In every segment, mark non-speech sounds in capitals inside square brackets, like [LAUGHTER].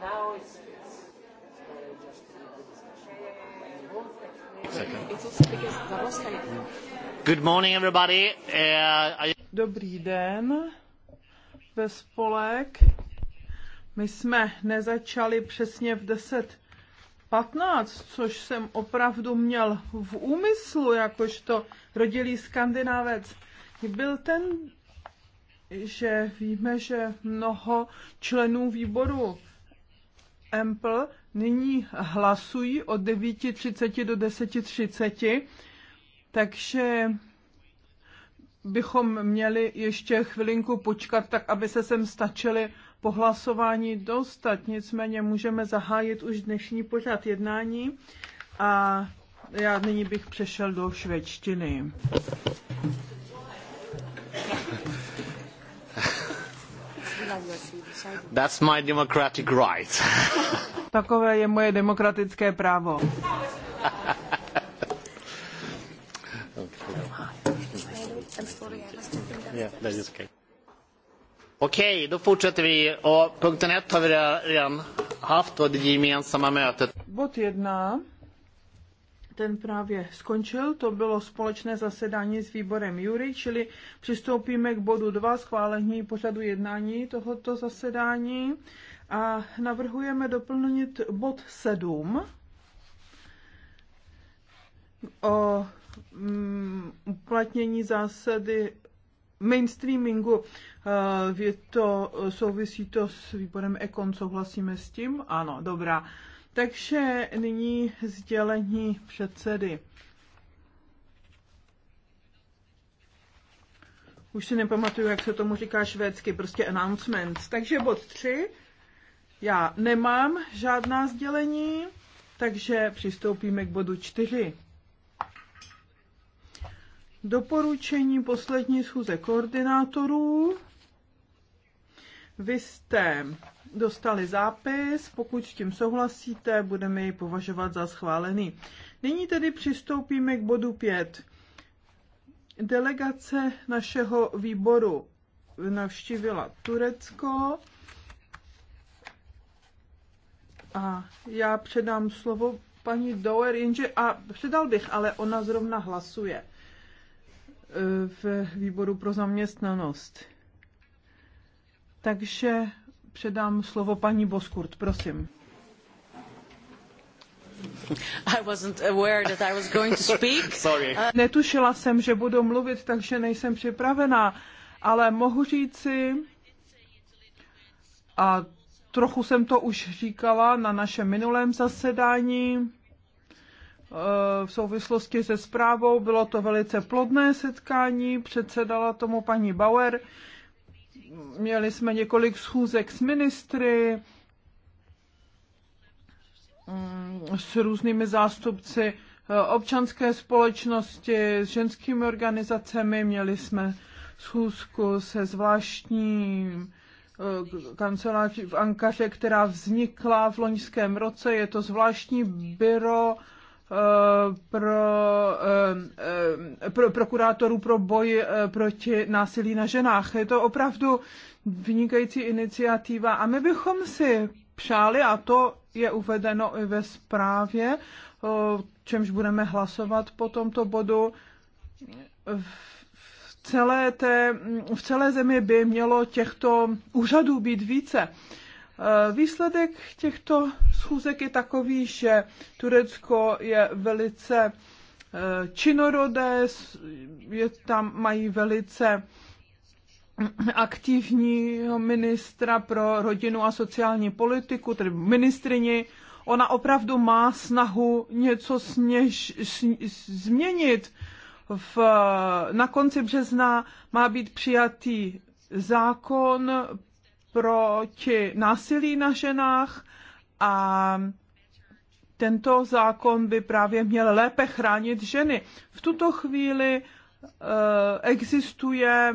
now it's, it's uh, just Good morning, everybody. Uh, Dobrý den ve spolek. My jsme nezačali přesně v 10.15, což jsem opravdu měl v úmyslu, jakožto rodilý skandinávec. Byl ten že víme, že mnoho členů výboru Empl nyní hlasují od 9.30 do 10.30, takže bychom měli ještě chvilinku počkat, tak aby se sem stačili po hlasování dostat. Nicméně můžeme zahájit už dnešní pořad jednání a já nyní bych přešel do švédštiny. That's my democratic right. [LAUGHS] Takové je moje demokratické právo. Yeah, [LAUGHS] okay. Okej, då fortsätter vi. Och punkten ett har vi redan haft och det gemensamma mötet. Bod jedna ten právě skončil. To bylo společné zasedání s výborem Jury, čili přistoupíme k bodu 2 schválení pořadu jednání tohoto zasedání a navrhujeme doplnit bod 7 o mm, uplatnění zásady mainstreamingu. Je to, souvisí to s výborem Ekon, souhlasíme s tím? Ano, dobrá. Takže nyní sdělení předsedy. Už si nepamatuju, jak se tomu říká švédsky, prostě announcements. Takže bod 3. Já nemám žádná sdělení, takže přistoupíme k bodu 4. Doporučení poslední schůze koordinátorů. Vy jste dostali zápis, pokud s tím souhlasíte, budeme ji považovat za schválený. Nyní tedy přistoupíme k bodu 5. Delegace našeho výboru navštívila Turecko a já předám slovo paní Dower, jenže a předal bych, ale ona zrovna hlasuje eh, v výboru pro zaměstnanost. Takže předám slovo paní Boskurt, prosím. I wasn't aware that I was going to speak. [LAUGHS] Sorry. Uh, Netušila jsem, že budu mluvit, takže nejsem připravená, ale mohu říci, a trochu jsem to už říkala na našem minulém zasedání, eh, v souvislosti se zprávou. Bylo to velice plodné setkání, předsedala tomu paní Bauer. Měli jsme několik schůzek s ministry, mm, s různými zástupci eh, občanské společnosti, s ženskými organizacemi. Měli jsme schůzku se zvláštním eh, kanceláří v Ankaře, která vznikla v loňském roce. Je to zvláštní byro Eh, pro, eh, eh, pro prokurátorů pro boj proti násilí na ženách. Je to opravdu vynikající iniciativa a my bychom si přáli, a to je uvedeno i ve zprávě, čemž budeme hlasovat po tomto bodu, v celé, té, v celé zemi by mělo těchto úřadů být více. Eh, výsledek těchto schůzek je takový, že Turecko je velice eh, činorodé, je tam mají velice aktivního ministra pro rodinu a sociální politiku, tedy ministrini. Ona opravdu má snahu něco sněž, změnit. V, na konci března má být přijatý zákon proti násilí na ženách a tento zákon by právě měl lépe chránit ženy. V tuto chvíli existuje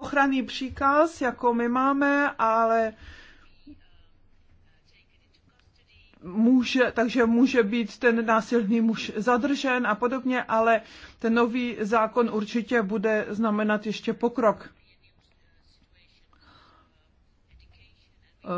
ochranný příkaz, jako my máme, ale může, takže může být ten násilný muž zadržen a podobně, ale ten nový zákon určitě bude znamenat ještě pokrok.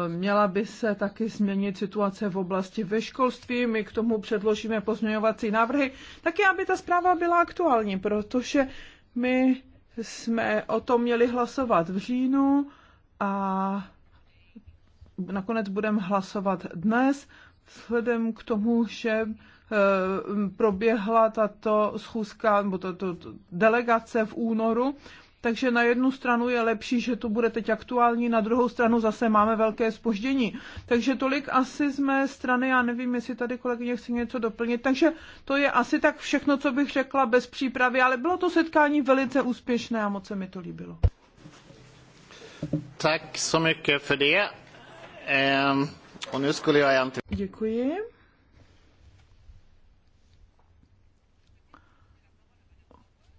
Ehm, měla by se taky změnit situace v oblasti ve školství. My k tomu předložíme pozměňovací návrhy, taky aby ta zpráva byla aktuální, protože my jsme o tom měli hlasovat v říjnu a nakonec budeme hlasovat dnes vzhledem k tomu, že eh, proběhla tato schůzka nebo tato delegace v únoru, takže na jednu stranu je lepší, že to bude teď aktuální, na druhou stranu zase máme velké spoždění. Takže tolik asi z mé strany, já nevím, jestli tady kolegyně chce něco doplnit. Takže to je asi tak všechno, co bych řekla bez přípravy, ale bylo to setkání velice úspěšné a moc se mi to líbilo. Tak so mycket för det. Um... Děkuji.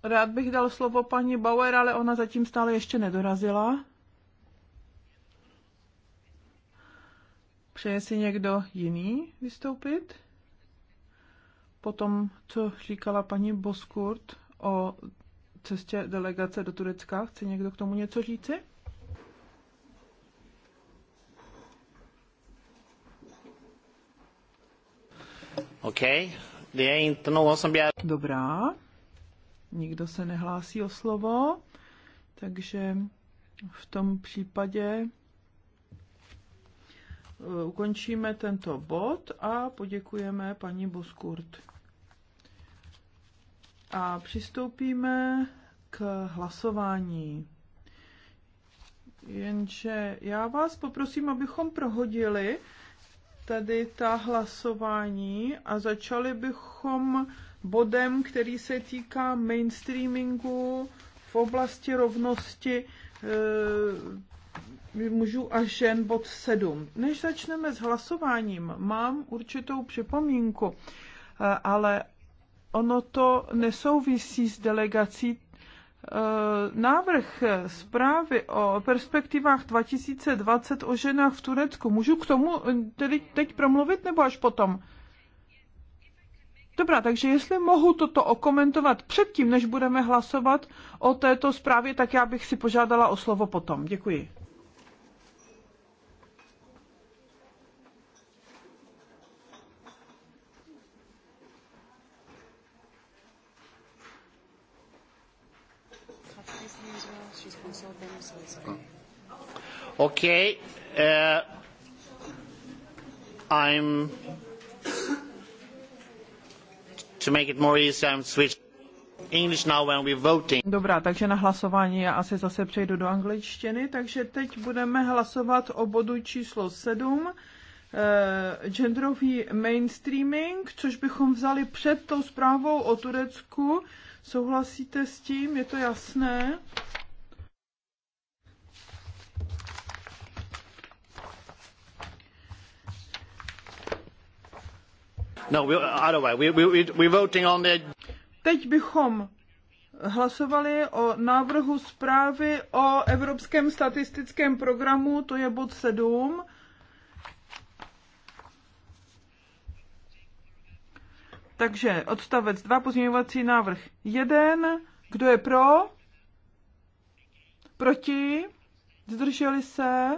Rád bych dal slovo paní Bauer, ale ona zatím stále ještě nedorazila. Přeje si někdo jiný vystoupit? Potom, co říkala paní Boskurt o cestě delegace do Turecka, chce někdo k tomu něco říci? No Dobrá, nikdo se nehlásí o slovo, takže v tom případě eh, ukončíme tento bod a poděkujeme paní Boskurt. A přistoupíme k hlasování. Jenže já vás poprosím, abychom prohodili tady ta hlasování a začali bychom bodem, který se týká mainstreamingu v oblasti rovnosti e, mužů a žen, bod 7. Než začneme s hlasováním, mám určitou připomínku, eh, ale ono to nesouvisí s delegací Eh, návrh zprávy o perspektivách 2020 o ženách v Turecku. Můžu k tomu eh, tedy teď promluvit nebo až potom? Dobrá, takže jestli mohu toto okomentovat předtím, než budeme hlasovat o této zprávě, tak já bych si požádala o slovo potom. Děkuji. Oh. Okay. Uh, I'm to make it more easy, I'm switch English now when voting. Dobrá, takže na hlasování já asi zase přejdu do angličtiny, takže teď budeme hlasovat o bodu číslo 7 eh, genderový mainstreaming, což bychom vzali před tou zprávou o Turecku. Souhlasíte s tím? Je to jasné? Teď bychom hlasovali o návrhu zprávy o Evropském statistickém programu, to je bod 7. Takže odstavec 2, pozměňovací návrh 1. Kdo je pro? Proti? Zdrželi se?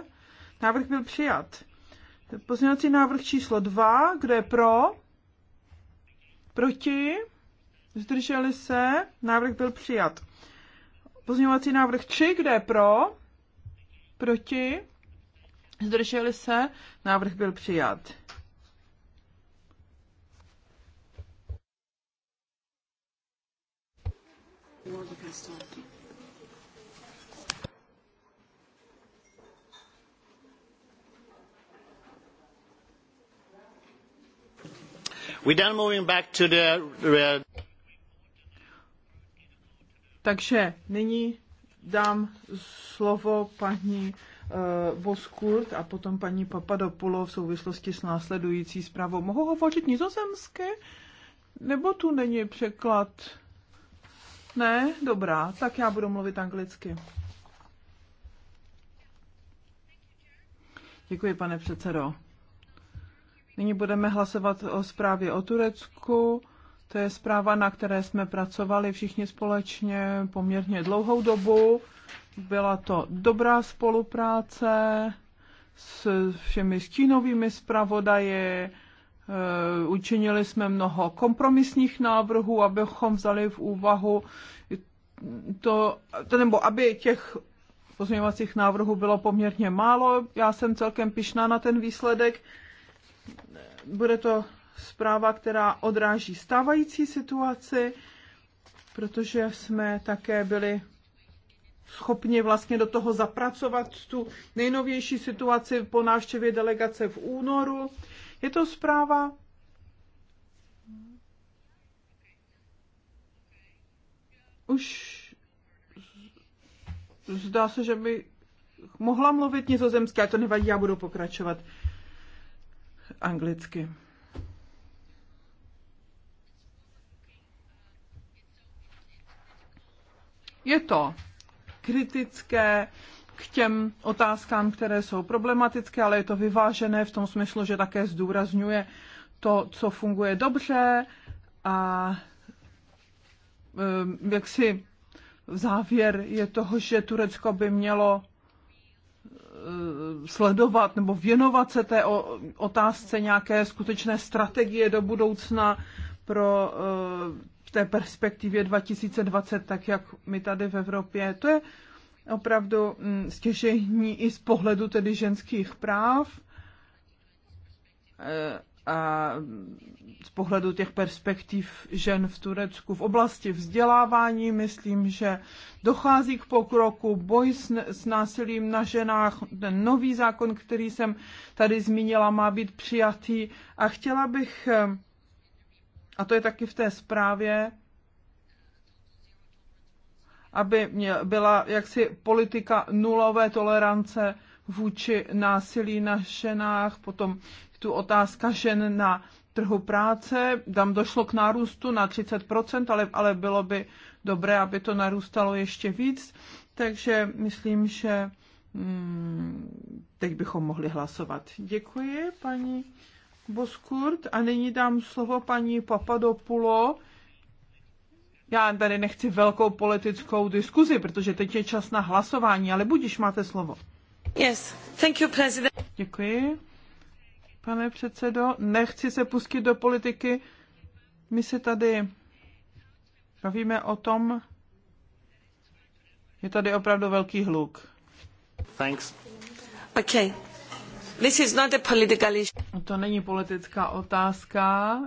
Návrh byl přijat. Pozměňovací návrh číslo 2. Kdo je pro? Proti? Zdrželi se? Návrh byl přijat. Pozměňovací návrh 3, kde je pro? Proti? Zdrželi se? Návrh byl přijat. you. Takže nyní dám slovo paní uh, eh, Boskurt a potom paní Papadopulo v souvislosti s následující zprávou. Mohu hovořit nizozemsky? Nebo tu není překlad? Ne? Dobrá, tak já budu mluvit anglicky. Děkuji, pane předsedo. Nyní budeme hlasovat o zprávě o Turecku. To je zpráva, na které jsme pracovali všichni společně poměrně dlouhou dobu. Byla to dobrá spolupráce s všemi stínovými zpravodaji. E, učinili jsme mnoho kompromisních návrhů, abychom vzali v úvahu to, to nebo aby těch pozměňovacích návrhů bylo poměrně málo. Já jsem celkem pišná na ten výsledek bude to zpráva, která odráží stávající situaci, protože jsme také byli schopni vlastně do toho zapracovat tu nejnovější situaci po návštěvě delegace v únoru. Je to zpráva, už zdá se, že by mohla mluvit nizozemsky, to nevadí, já budu pokračovat anglicky. Je to kritické k těm otázkám, které jsou problematické, ale je to vyvážené v tom smyslu, že také zdůrazňuje to, co funguje dobře a jak si závěr je toho, že Turecko by mělo Eh, sledovat nebo věnovat se té otázce nějaké skutečné strategie do budoucna pro eh, v té perspektivě 2020, tak jak my tady v Evropě. To je opravdu hm, stěžení i z pohledu tedy ženských práv eh, a z pohledu těch perspektiv žen v Turecku v oblasti vzdělávání, myslím, že dochází k pokroku, boj s, s násilím na ženách, ten nový zákon, který jsem tady zmínila, má být přijatý a chtěla bych, a to je taky v té zprávě, aby byla jaksi politika nulové tolerance vůči násilí na ženách, potom tu otázka žen na trhu práce. Tam došlo k nárůstu na 30%, ale, ale bylo by dobré, aby to narůstalo ještě víc. Takže myslím, že hmm, teď bychom mohli hlasovat. Děkuji, paní Boskurt. A nyní dám slovo paní Papadopulo. Já tady nechci velkou politickou diskuzi, protože teď je čas na hlasování, ale budíš máte slovo. Yes, thank you, president. Děkuji pane předsedo. Nechci se pustit do politiky. My se tady bavíme o tom, je tady opravdu velký hluk. Thanks. Okay. This is not a political issue. To není politická otázka.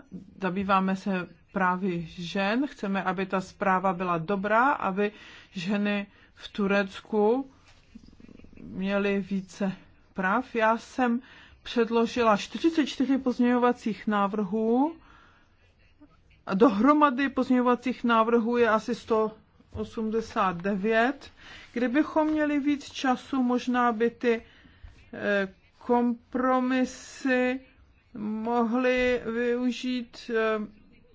Zabýváme se právě žen. Chceme, aby ta zpráva byla dobrá, aby ženy v Turecku měly více práv. Já jsem předložila 44 pozměňovacích návrhů. dohromady pozměňovacích návrhů je asi 189. Kdybychom měli víc času, možná by ty eh, kompromisy mohli využít, eh,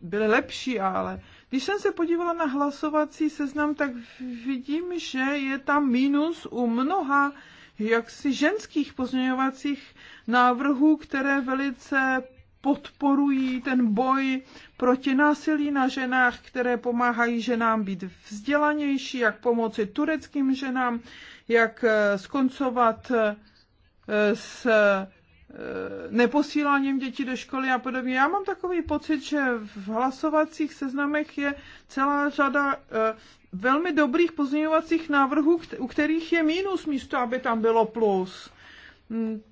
byly lepší, ale když jsem se podívala na hlasovací seznam, tak vidím, že je tam mínus u mnoha jaksi ženských pozměňovacích návrhů, které velice podporují ten boj proti násilí na ženách, které pomáhají ženám být vzdělanější, jak pomoci tureckým ženám, jak eh, skoncovat eh, s Eh, neposíláním dětí do školy a podobně. Já mám takový pocit, že v hlasovacích seznamech je celá řada eh, velmi dobrých pozměňovacích návrhů, u kterých je mínus místo, aby tam bylo plus. Hmm.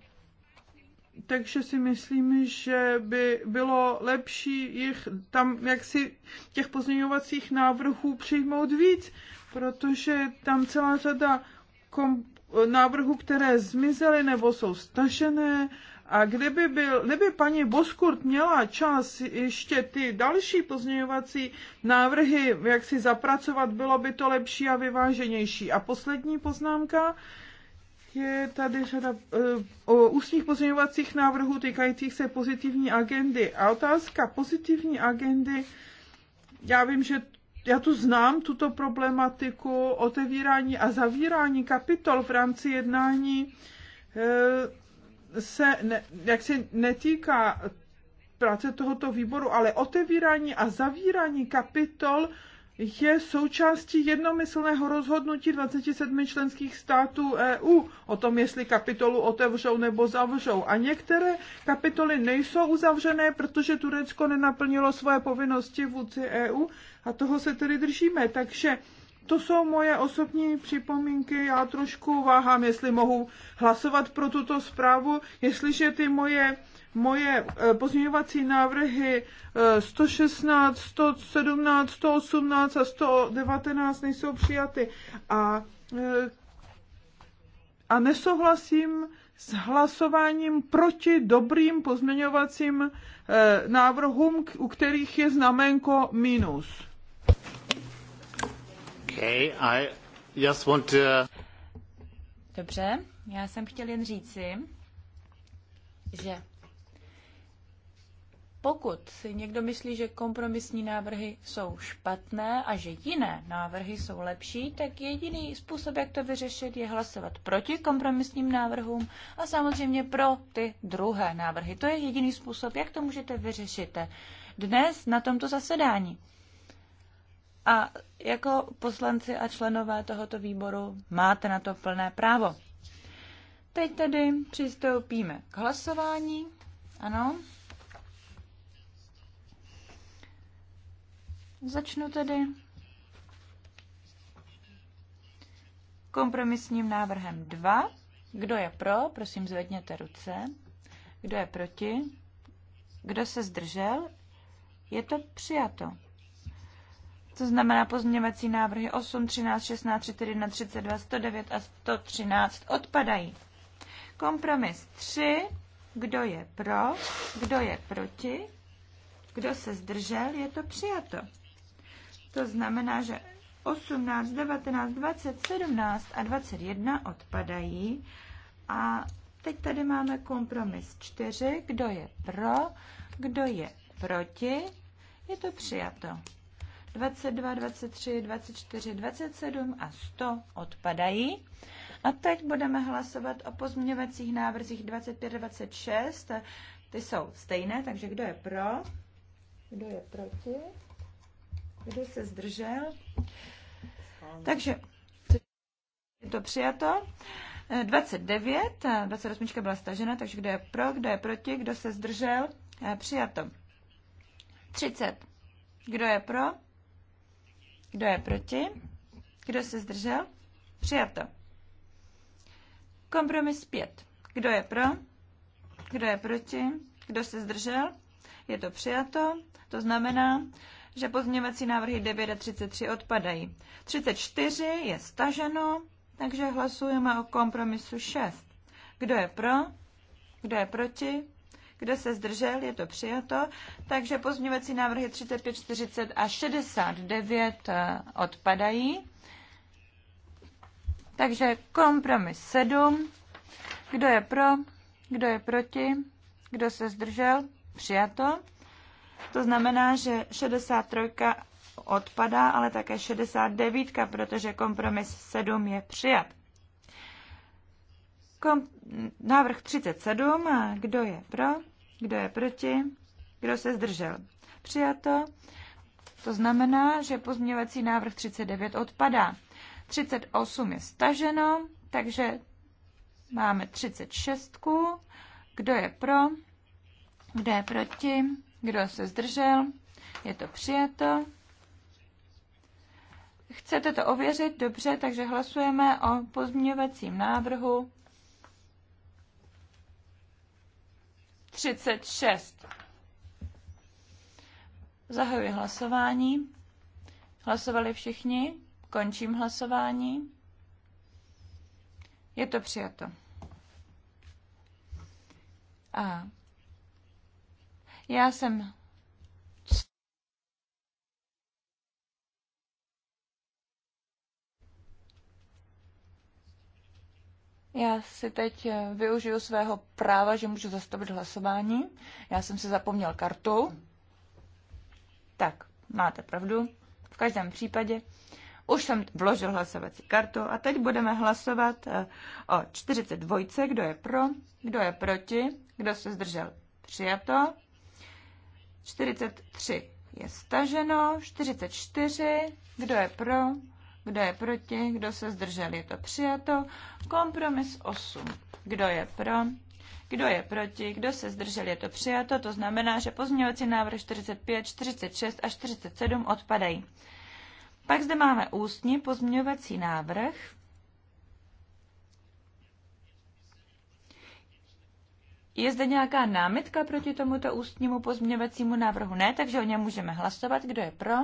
Takže si myslím, že by bylo lepší jich tam jak si těch pozměňovacích návrhů přijmout víc, protože tam celá řada kom- návrhů, které zmizely nebo jsou stažené a kdyby, byl, kdyby paní Boskurt měla čas ještě ty další pozměňovací návrhy, jak si zapracovat, bylo by to lepší a vyváženější. A poslední poznámka je tady řada uh, ústních pozměňovacích návrhů týkajících se pozitivní agendy. A otázka pozitivní agendy, já vím, že já tu znám tuto problematiku otevírání a zavírání kapitol v rámci jednání. Uh, se ne, jaksi netýká práce tohoto výboru, ale otevírání a zavírání kapitol je součástí jednomyslného rozhodnutí 27 členských států EU o tom, jestli kapitolu otevřou nebo zavřou. A některé kapitoly nejsou uzavřené, protože Turecko nenaplnilo svoje povinnosti vůdci EU a toho se tedy držíme. Takže to jsou moje osobní připomínky. Já trošku váhám, jestli mohu hlasovat pro tuto zprávu, jestliže ty moje moje eh, pozměňovací návrhy 116, 117, 118 a 119 nejsou přijaty. A, eh, a nesouhlasím s hlasováním proti dobrým pozměňovacím eh, návrhům, u kterých je znamenko minus. Okay, I just want to... Uh, Dobře, já jsem chtěl jen říci, že pokud si někdo myslí, že kompromisní návrhy jsou špatné a že jiné návrhy jsou lepší, tak jediný způsob, jak to vyřešit, je hlasovat proti kompromisním návrhům a samozřejmě pro ty druhé návrhy. To je jediný způsob, jak to můžete vyřešit dnes na tomto zasedání. A jako poslanci a členové tohoto výboru máte na to plné právo. Teď tedy přistoupíme k hlasování. Ano. Začnu tedy kompromisním návrhem 2. Kdo je pro, prosím zvedněte ruce. Kdo je proti? Kdo se zdržel? Je to přijato. To znamená pozměňovací návrhy 8, 13, 16, 31, 32, 109 a 113 odpadají. Kompromis 3. Kdo je pro? Kdo je proti? Kdo se zdržel? Je to přijato. To znamená, že 18, 19, 20, 17 a 21 odpadají. A teď tady máme kompromis 4. Kdo je pro? Kdo je proti? Je to přijato. 22, 23, 24, 27 a 100 odpadají. A teď budeme hlasovat o pozměňovacích návrzích 25, 26. Ty jsou stejné, takže kdo je pro? Kdo je proti? Kdo se zdržel? Takže je to přijato. 29, 28 byla stažena, takže kdo je pro, kdo je proti, kdo se zdržel? Eh, přijato. 30. Kdo je pro? Kdo je proti? Kdo se zdržel? Přijato. Kompromis 5. Kdo je pro? Kdo je proti? Kdo se zdržel? Je to přijato. To znamená, že pozměňovací návrhy 9 a 33 odpadají. 34 je staženo, takže hlasujeme o kompromisu 6. Kdo je pro? Kdo je proti? Kdo se zdržel, je to přijato. Takže pozměňovací návrhy 35, 40 a 69 eh, odpadají. Takže kompromis 7. Kdo je pro, kdo je proti, kdo se zdržel, přijato. To znamená, že 63 odpadá, ale také 69, protože kompromis 7 je přijat. Kom- návrh 37. Kdo je pro? Kdo je proti? Kdo se zdržel? Přijato. To znamená, že pozměňovací návrh 39 odpadá. 38 je staženo, takže máme 36. Kdo je pro? Kdo je proti? Kdo se zdržel? Je to přijato. Chcete to ověřit? Dobře, takže hlasujeme o pozměňovacím návrhu 36. Zahajuji hlasování. Hlasovali všichni. Končím hlasování. Je to přijato. A já jsem Já si teď eh, využiju svého práva, že můžu zastavit hlasování. Já jsem si zapomněl kartu. Tak, máte pravdu. V každém případě už jsem vložil hlasovací kartu a teď budeme hlasovat eh, o 42, kdo je pro, kdo je proti, kdo se zdržel. Přijato. 43 je staženo, 44, kdo je pro, kdo je proti? Kdo se zdržel? Je to přijato. Kompromis 8. Kdo je pro? Kdo je proti? Kdo se zdržel? Je to přijato. To znamená, že pozměňovací návrh 45, 46 a 47 odpadají. Pak zde máme ústní pozměňovací návrh. Je zde nějaká námitka proti tomuto ústnímu pozměňovacímu návrhu? Ne, takže o něm můžeme hlasovat. Kdo je pro?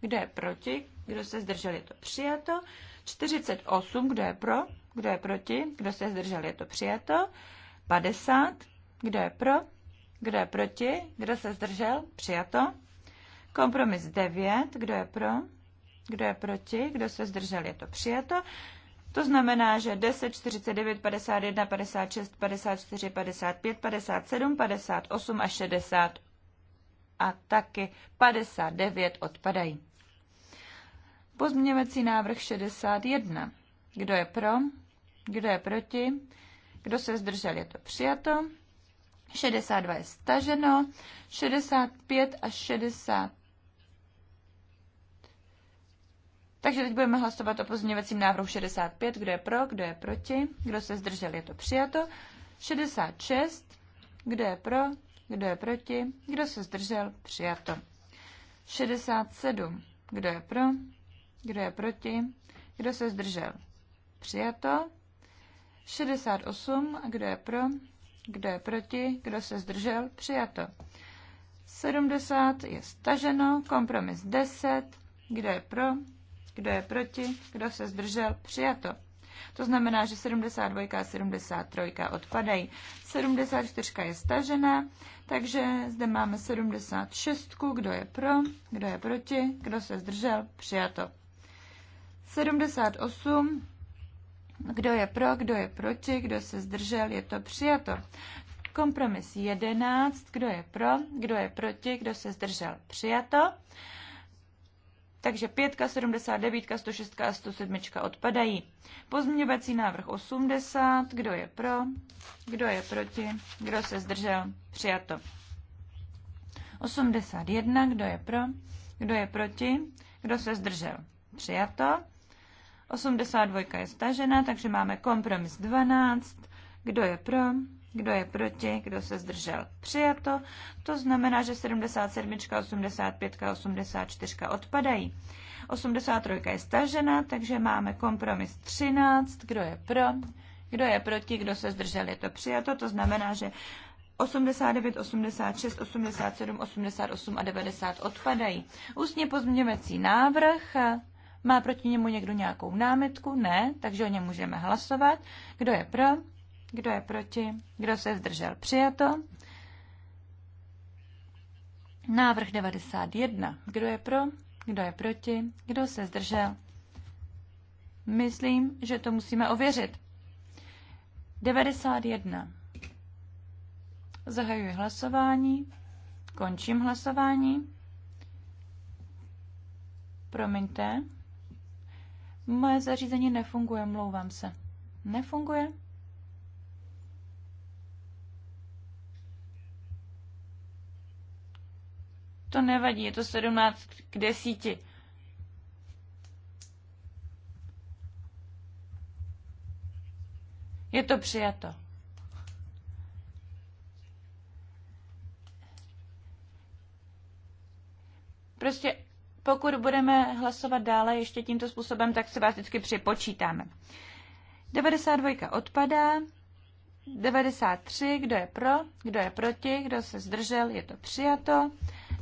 Kdo je proti? Kdo se zdržel? Je to přijato. 48. Kdo je pro? Kdo je proti? Kdo se zdržel? Je to přijato. 50. Kdo je pro? Kdo je proti? Kdo se zdržel? Přijato. Kompromis 9. Kdo je pro? Kdo je proti? Kdo se zdržel? Je to přijato. To znamená, že 10, 49, 51, 56, 54, 55, 57, 58 a 60 a taky 59 odpadají. Pozměňovací návrh 61. Kdo je pro? Kdo je proti? Kdo se zdržel? Je to přijato. 62 je staženo. 65 a 60. Takže teď budeme hlasovat o pozměňovacím návrhu 65. Kdo je pro? Kdo je proti? Kdo se zdržel? Je to přijato. 66. Kdo je pro? Kdo je proti? Kdo se zdržel? Přijato. 67. Kdo je pro? Kdo je proti? Kdo se zdržel? Přijato. 68. Kdo je pro? Kdo je proti? Kdo se zdržel? Přijato. 70 je staženo. Kompromis 10. Kdo je pro? Kdo je proti? Kdo se zdržel? Přijato. To znamená, že 72 a 73 odpadají. 74 je stažená, takže zde máme 76. Kdo je pro, kdo je proti, kdo se zdržel, přijato. 78. Kdo je pro, kdo je proti, kdo se zdržel, je to přijato. Kompromis 11. Kdo je pro, kdo je proti, kdo se zdržel, přijato. Takže 5, 79, 106 a 107 odpadají. Pozměňovací návrh 80. Kdo je pro, kdo je proti, kdo se zdržel, přijato. 81. Kdo je pro, kdo je proti, kdo se zdržel, přijato. 82 je stažena, takže máme kompromis 12. Kdo je pro? Kdo je proti? Kdo se zdržel? Přijato. To znamená, že 77, 85 a 84 odpadají. 83 je stažena, takže máme kompromis 13. Kdo je pro? Kdo je proti? Kdo se zdržel? Je to přijato. To znamená, že 89, 86, 87, 88 a 90 odpadají. Ústně pozměňovací návrh má proti němu někdo nějakou námitku? Ne, takže o něm můžeme hlasovat. Kdo je pro? Kdo je proti? Kdo se zdržel? Přijato. Návrh 91. Kdo je pro? Kdo je proti? Kdo se zdržel? Myslím, že to musíme ověřit. 91. Zahajuji hlasování. Končím hlasování. Promiňte. Moje zařízení nefunguje, mlouvám se. Nefunguje? To nevadí, je to 17 k 10. Je to přijato. Prostě pokud budeme hlasovat dále ještě tímto způsobem, tak se vás vždycky připočítáme. 92 odpadá. 93, kdo je pro, kdo je proti, kdo se zdržel, je to přijato.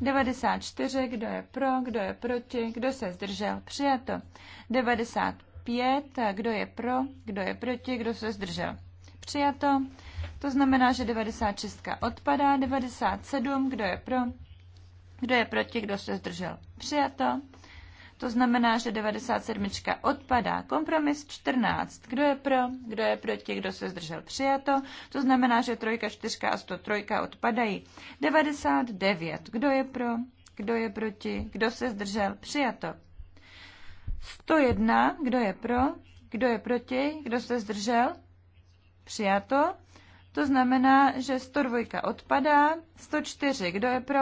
94, kdo je pro, kdo je proti, kdo se zdržel, přijato. 95, kdo je pro, kdo je proti, kdo se zdržel, přijato. To znamená, že 96 odpadá, 97, kdo je pro, kdo je proti, kdo se zdržel? Přijato. To znamená, že 97. odpadá. Kompromis 14. Kdo je pro, kdo je proti, kdo se zdržel přijato. To znamená, že 3, 4 a 103 odpadají. 99. Kdo je pro, kdo je proti, kdo se zdržel přijato. 101. Kdo je pro, kdo je proti, kdo se zdržel přijato. To znamená, že 102 odpadá. 104. Kdo je pro,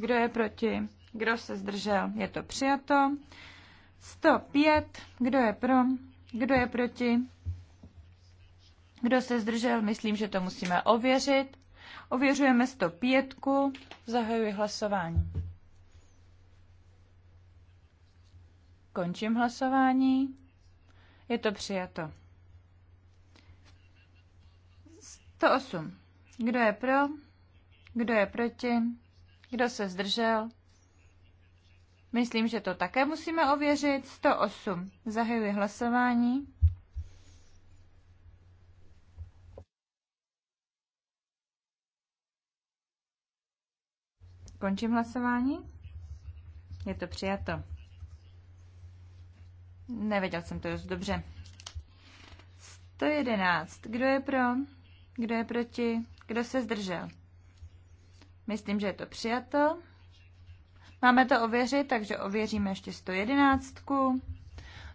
kdo je proti? Kdo se zdržel? Je to přijato. 105. Kdo je pro? Kdo je proti? Kdo se zdržel? Myslím, že to musíme ověřit. Ověřujeme 105. Zahajuji hlasování. Končím hlasování. Je to přijato. 108. Kdo je pro? Kdo je proti? Kdo se zdržel? Myslím, že to také musíme ověřit. 108. Zahajuji hlasování. Končím hlasování. Je to přijato. Nevěděl jsem to dost dobře. 111. Kdo je pro? Kdo je proti? Kdo se zdržel? Myslím, že je to přijato. Máme to ověřit, takže ověříme ještě 111.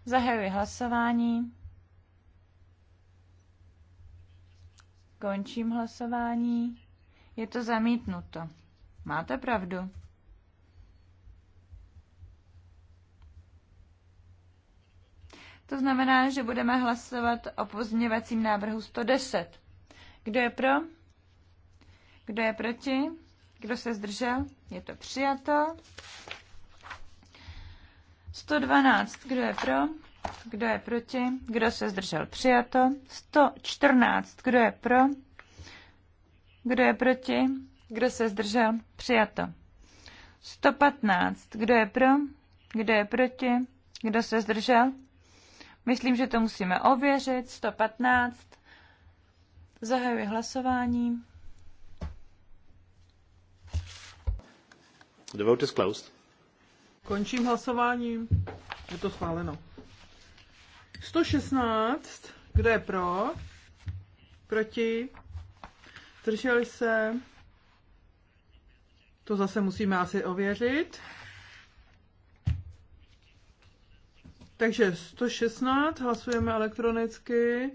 Zahajuji hlasování. Končím hlasování. Je to zamítnuto. Máte pravdu. To znamená, že budeme hlasovat o pozměňovacím návrhu 110. Kdo je pro? Kdo je proti? Kdo se zdržel? Je to přijato. 112. Kdo je pro? Kdo je proti? Kdo se zdržel? Přijato. 114. Kdo je pro? Kdo je proti? Kdo se zdržel? Přijato. 115. Kdo je pro? Kdo je proti? Kdo se zdržel? Myslím, že to musíme ověřit. 115. Zahajuji hlasování. The vote is closed. Končím hlasování. Je to schváleno. 116. Kdo je pro? Proti? Zdrželi se? To zase musíme asi ověřit. Takže 116, hlasujeme elektronicky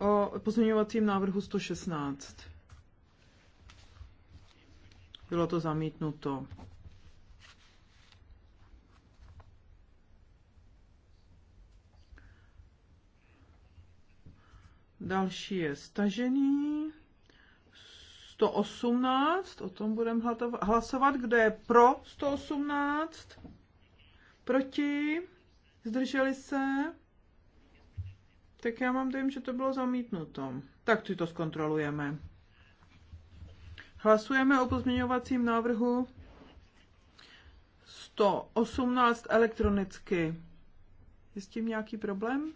o pozměňovacím návrhu 116. Bylo to zamítnuto. Další je stažený. 118, o tom budeme hlasovat. Kdo je pro 118? Proti? Zdrželi se? Tak já mám dojem, že to bylo zamítnuto. Tak si to zkontrolujeme. Hlasujeme o pozměňovacím návrhu 118 elektronicky. Je s tím nějaký problém?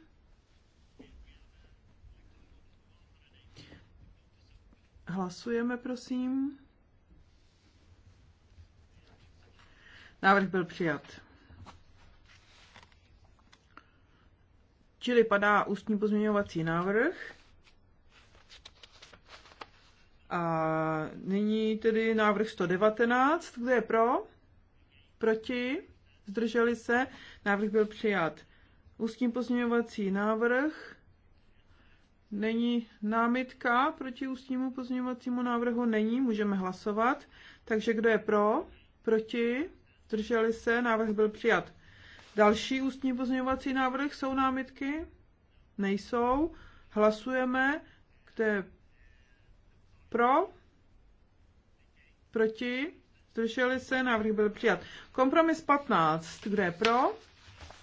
Hlasujeme, prosím. Návrh byl přijat. Čili padá ústní pozměňovací návrh. A nyní tedy návrh 119, kde je pro, proti, zdrželi se, návrh byl přijat. Ústní pozměňovací návrh, není námitka proti ústnímu pozměňovacímu návrhu, není, můžeme hlasovat. Takže kdo je pro, proti, zdrželi se, návrh byl přijat. Další ústní pozměňovací návrh jsou námitky? Nejsou. Hlasujeme, kde je pro? Proti? Zdrželi se, návrh byl přijat. Kompromis 15, kdo je pro?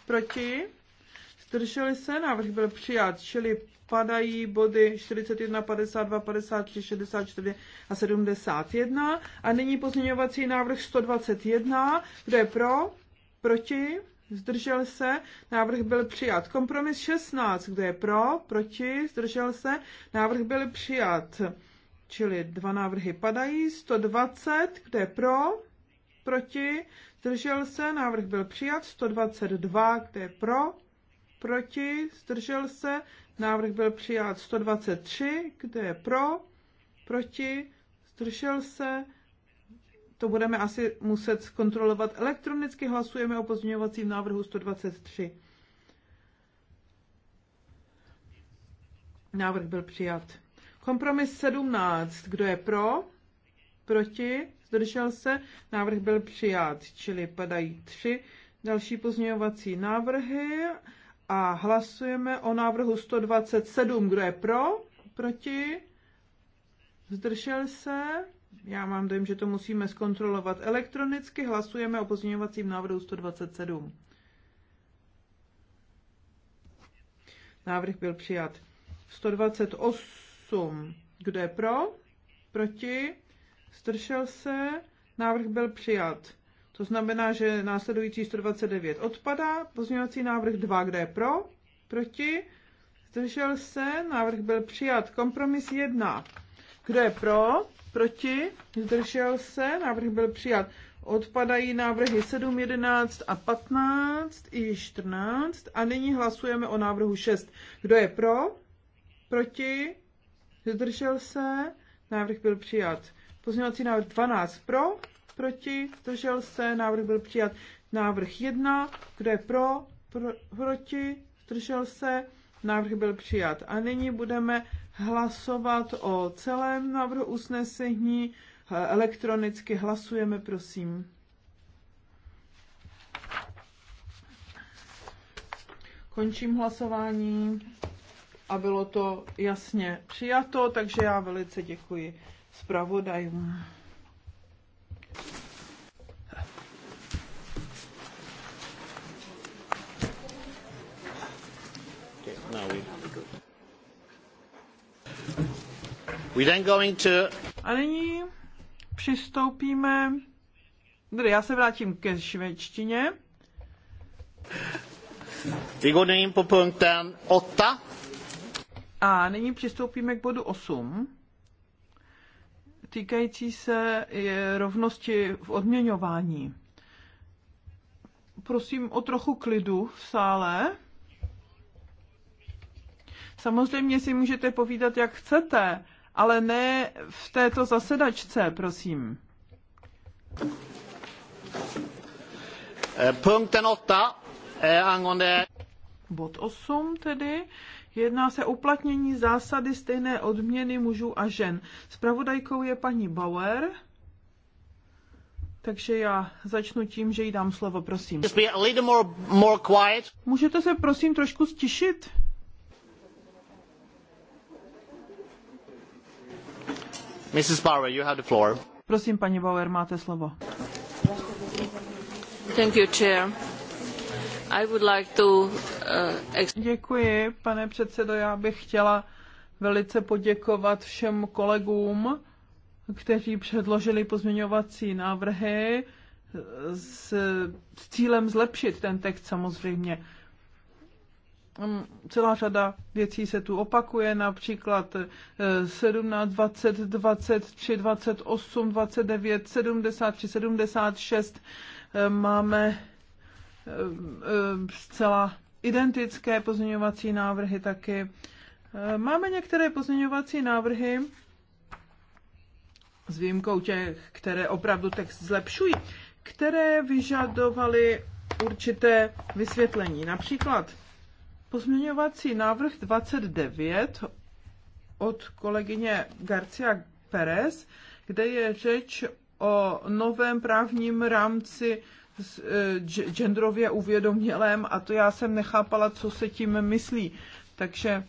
Proti? Zdrželi se, návrh byl přijat, čili padají body 41, 52, 53, 64 a 71. A nyní pozměňovací návrh 121, kdo je pro? Proti? Zdržel se, návrh byl přijat. Kompromis 16, kdo je pro, proti, zdržel se, návrh byl přijat. Čili dva návrhy padají. 120, kde je pro, proti, zdržel se, návrh byl přijat. 122, kde je pro, proti, zdržel se, návrh byl přijat. 123, kde je pro, proti, zdržel se, to budeme asi muset zkontrolovat. Elektronicky hlasujeme o pozměňovacím návrhu 123. Návrh byl přijat. Kompromis 17. Kdo je pro? Proti? Zdržel se? Návrh byl přijat, čili padají tři další pozměňovací návrhy a hlasujeme o návrhu 127. Kdo je pro? Proti? Zdržel se? Já mám dojem, že to musíme zkontrolovat elektronicky. Hlasujeme o pozměňovacím návrhu 127. Návrh byl přijat. 128 8. Kdo je pro? Proti? Stršel se? Návrh byl přijat. To znamená, že následující 129 odpadá. Pozměňovací návrh 2, Kdo je pro? Proti? Zdržel se? Návrh byl přijat. Kompromis 1. Kdo je pro? Proti? Zdržel se? Návrh byl přijat. Odpadají návrhy 7, 11 a 15 i 14. A nyní hlasujeme o návrhu 6. Kdo je pro? Proti? zdržel se, návrh byl přijat. Pozměňovací návrh 12 pro, proti, zdržel se, návrh byl přijat. Návrh 1, kde pro, pro proti, zdržel se, návrh byl přijat. A nyní budeme hlasovat o celém návrhu usnesení. Elektronicky hlasujeme, prosím. Končím hlasování a bylo to jasně přijato, takže já velice děkuji zpravodajům. We then going to... A nyní přistoupíme, tedy já se vrátím ke švédštině. Vi po punktem in 8. A nyní přistoupíme k bodu 8, týkající se eh, rovnosti v odměňování. Prosím o trochu klidu v sále. Samozřejmě si můžete povídat, jak chcete, ale ne v této zasedačce, prosím. Eh, Punkten 8 eh, Bod 8 tedy Jedná se uplatnění zásady stejné odměny mužů a žen. Spravodajkou je paní Bauer. Takže já začnu tím, že jí dám slovo, prosím. Můžete se prosím trošku stišit? Mrs. Bauer, you have the floor. Prosím, paní Bauer, máte slovo. Thank you, chair. Uh, Děkuji, pane předsedo. Já bych chtěla velice poděkovat všem kolegům, kteří předložili pozměňovací návrhy s, s cílem zlepšit ten text samozřejmě. Mm, celá řada věcí se tu opakuje, například 17, 20, 23, 28, 29, 73, 76. Máme Eh, zcela identické pozměňovací návrhy taky. Eh, máme některé pozměňovací návrhy, s výjimkou těch, které opravdu text zlepšují, které vyžadovaly určité vysvětlení. Například pozměňovací návrh 29 od kolegyně Garcia Perez, kde je řeč o novém právním rámci Eh, genderově uvědomělém a to já jsem nechápala, co se tím myslí. Takže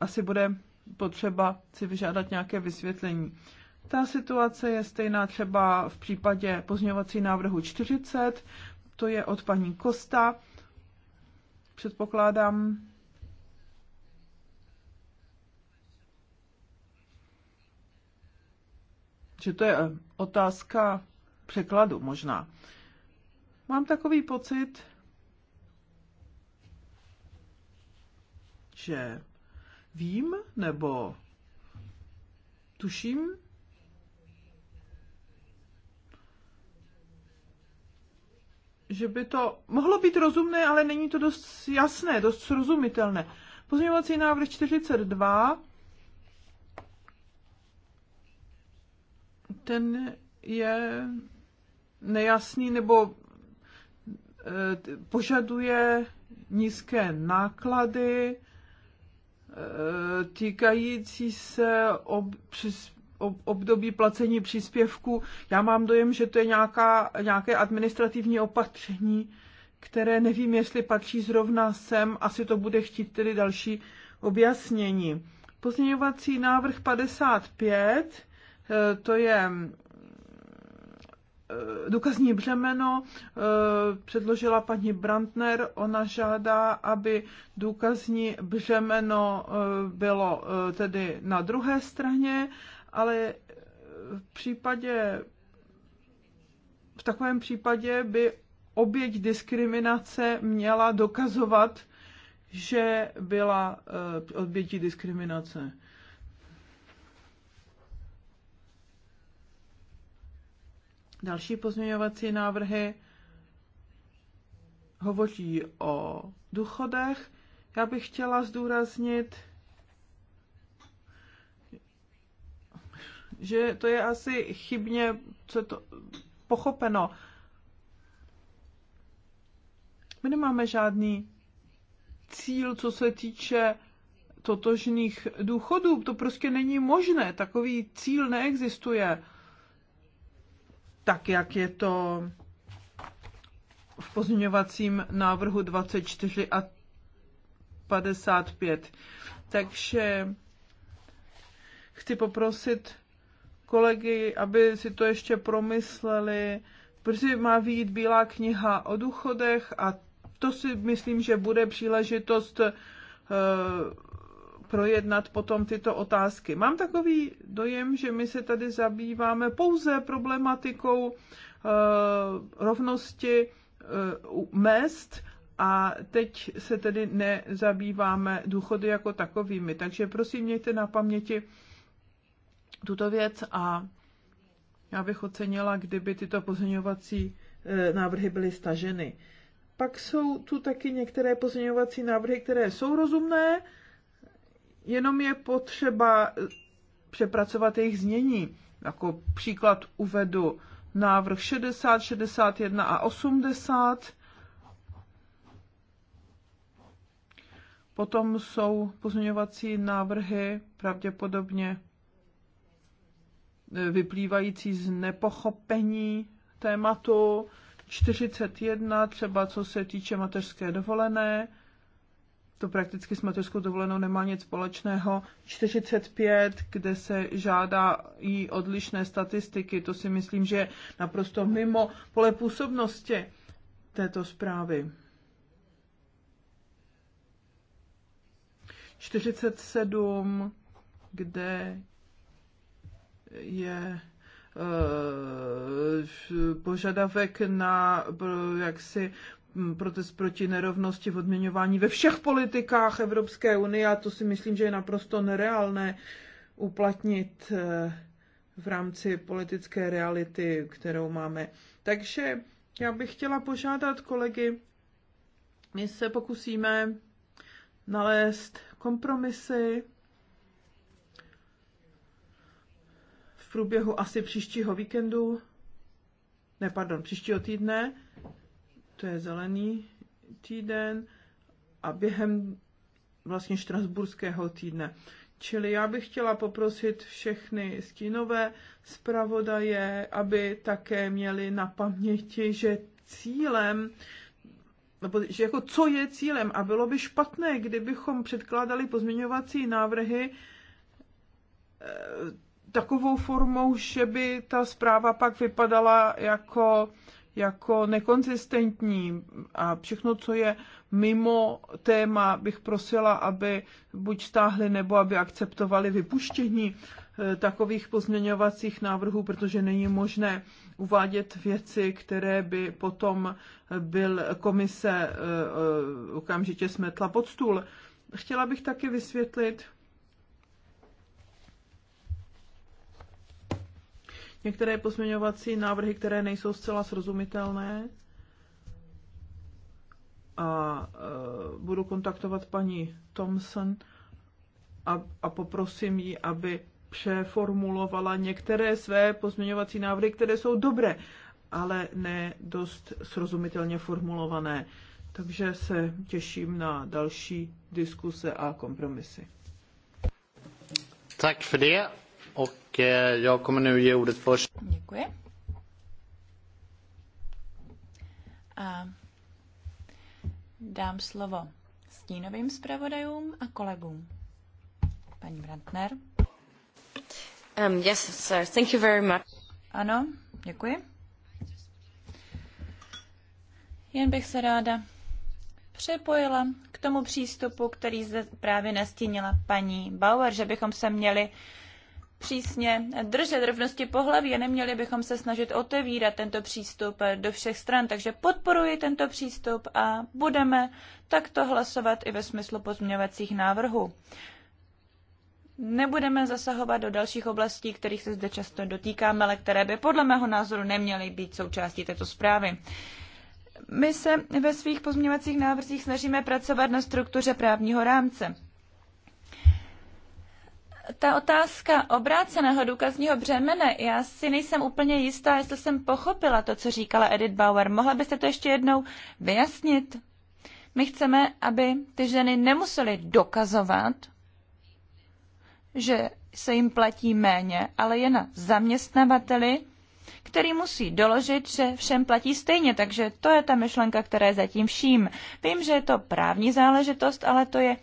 asi bude potřeba si vyžádat nějaké vysvětlení. Ta situace je stejná třeba v případě pozměňovací návrhu 40, to je od paní Kosta. Předpokládám, že to je eh, otázka překladu možná. Mám takový pocit, že vím nebo tuším, že by to mohlo být rozumné, ale není to dost jasné, dost srozumitelné. Pozměňovací návrh 42, ten je nejasný nebo eh, požaduje nízké náklady eh, týkající se ob, přes, ob, období placení příspěvku. Já mám dojem, že to je nějaká, nějaké administrativní opatření, které nevím, jestli patří zrovna sem, asi to bude chtít tedy další objasnění. Pozměňovací návrh 55, eh, to je Eh, důkazní břemeno eh, předložila paní Brandner. Ona žádá, aby důkazní břemeno eh, bylo tedy na druhé straně, ale v případě v takovém případě by oběť diskriminace měla dokazovat, že byla obětí diskriminace. Další pozměňovací návrhy hovoří o důchodech. Já bych chtěla zdůraznit, že to je asi chybně co to, pochopeno. My nemáme žádný cíl, co se týče totožných důchodů. To prostě není možné. Takový cíl neexistuje tak jak je to v pozměňovacím návrhu 24 a 55. Takže chci poprosit kolegy, aby si to ještě promysleli, protože má výjít Bílá kniha o důchodech a to si myslím, že bude příležitost eh, projednat potom tyto otázky. Mám takový dojem, že my se tady zabýváme pouze problematikou eh, rovnosti eh, mest a teď se tedy nezabýváme důchody jako takovými. Takže prosím, mějte na paměti tuto věc a já bych ocenila, kdyby tyto pozměňovací eh, návrhy byly staženy. Pak jsou tu taky některé pozměňovací návrhy, které jsou rozumné, Jenom je potřeba eh, přepracovat jejich znění. Jako příklad uvedu návrh 60, 61 a 80. Potom jsou pozměňovací návrhy pravděpodobně eh, vyplývající z nepochopení tématu 41, třeba co se týče mateřské dovolené, to prakticky s mateřskou dovolenou nemá nic společného. 45, kde se žádá i odlišné statistiky, to si myslím, že je naprosto mimo pole působnosti této zprávy. 47, kde je eh, požadavek na eh, jaksi protest proti nerovnosti v odměňování ve všech politikách Evropské unie a to si myslím, že je naprosto nereálné uplatnit e, v rámci politické reality, kterou máme. Takže já bych chtěla požádat kolegy, my se pokusíme nalézt kompromisy v průběhu asi příštího víkendu, ne, pardon, příštího týdne, to je zelený týden a během vlastně štrasburského týdne. Čili já bych chtěla poprosit všechny stínové zpravodaje, aby také měli na paměti, že cílem nebo že jako co je cílem a bylo by špatné, kdybychom předkládali pozměňovací návrhy eh, takovou formou, že by ta zpráva pak vypadala jako jako nekonzistentní a všechno, co je mimo téma, bych prosila, aby buď stáhli nebo aby akceptovali vypuštění eh, takových pozměňovacích návrhů, protože není možné uvádět věci, které by potom byl komise eh, eh, okamžitě smetla pod stůl. Chtěla bych taky vysvětlit, některé pozměňovací návrhy, které nejsou zcela srozumitelné. A e, budu kontaktovat paní Thompson a, a poprosím ji, aby přeformulovala některé své pozměňovací návrhy, které jsou dobré, ale ne dost srozumitelně formulované. Takže se těším na další diskuse a kompromisy. Tak for det. Och eh, jag kommer nu ge ordet först. Děkuji. A dám slovo stínovým zpravodajům a kolegům. Paní Brandner. Um, yes, sir. Thank you very much. Ano, děkuji. Jen bych se ráda připojila k tomu přístupu, který zde právě nastínila paní Bauer, že bychom se měli přísně držet rovnosti pohlaví a neměli bychom se snažit otevírat tento přístup do všech stran. Takže podporuji tento přístup a budeme takto hlasovat i ve smyslu pozměňovacích návrhů. Nebudeme zasahovat do dalších oblastí, kterých se zde často dotýkáme, ale které by podle mého názoru neměly být součástí této zprávy. My se ve svých pozměňovacích návrzích snažíme pracovat na struktuře právního rámce ta otázka obráceného důkazního břemene, já si nejsem úplně jistá, jestli jsem pochopila to, co říkala Edith Bauer. Mohla byste to ještě jednou vyjasnit? My chceme, aby ty ženy nemusely dokazovat, že se jim platí méně, ale jen na zaměstnavateli, který musí doložit, že všem platí stejně. Takže to je ta myšlenka, která je zatím vším. Vím, že je to právní záležitost, ale to je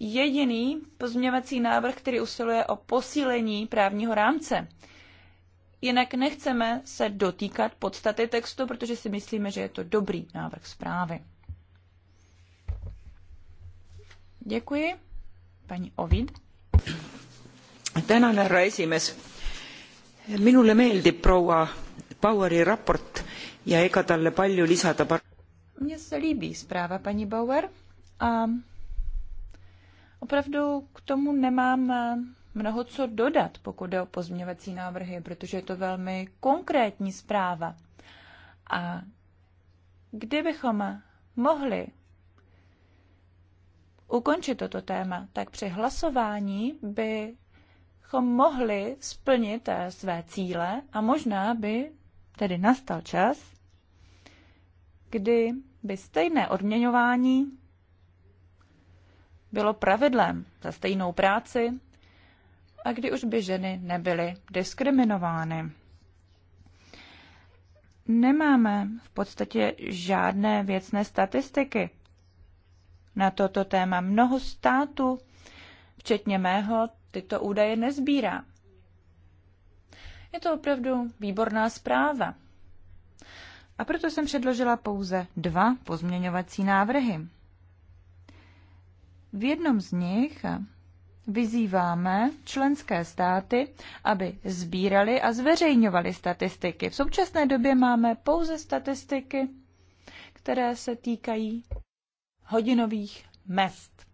jediný pozměňovací návrh, který usiluje o posílení právního rámce. Jinak nechceme se dotýkat podstaty textu, protože si myslíme, že je to dobrý návrh zprávy. Děkuji. Paní Ovid. Tänan, härra esimes. Minule meeldib proua Baueri raport ja ega talle palju lisada. Mně se líbí zpráva paní Bauer a Opravdu k tomu nemám eh, mnoho co dodat, pokud jde o pozměňovací návrhy, protože je to velmi konkrétní zpráva. A kdybychom mohli ukončit toto téma, tak při hlasování bychom mohli splnit eh, své cíle a možná by tedy nastal čas, kdy by stejné odměňování bylo pravidlem za stejnou práci a kdy už by ženy nebyly diskriminovány. Nemáme v podstatě žádné věcné statistiky na toto téma. Mnoho států, včetně mého, tyto údaje nezbírá. Je to opravdu výborná zpráva. A proto jsem předložila pouze dva pozměňovací návrhy. V jednom z nich vyzýváme členské státy, aby sbírali a zveřejňovali statistiky. V současné době máme pouze statistiky, které se týkají hodinových mest.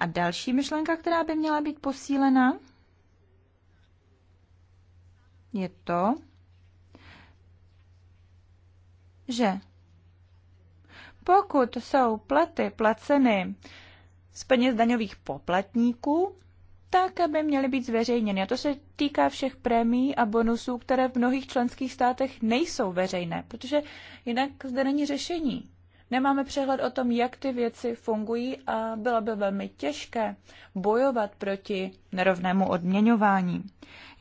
A další myšlenka, která by měla být posílena, je to, že pokud jsou platy placeny z peněz daňových poplatníků, tak, aby měly být zveřejněny. A to se týká všech prémií a bonusů, které v mnohých členských státech nejsou veřejné, protože jinak zde není řešení. Nemáme přehled o tom, jak ty věci fungují a bylo by velmi těžké bojovat proti nerovnému odměňování.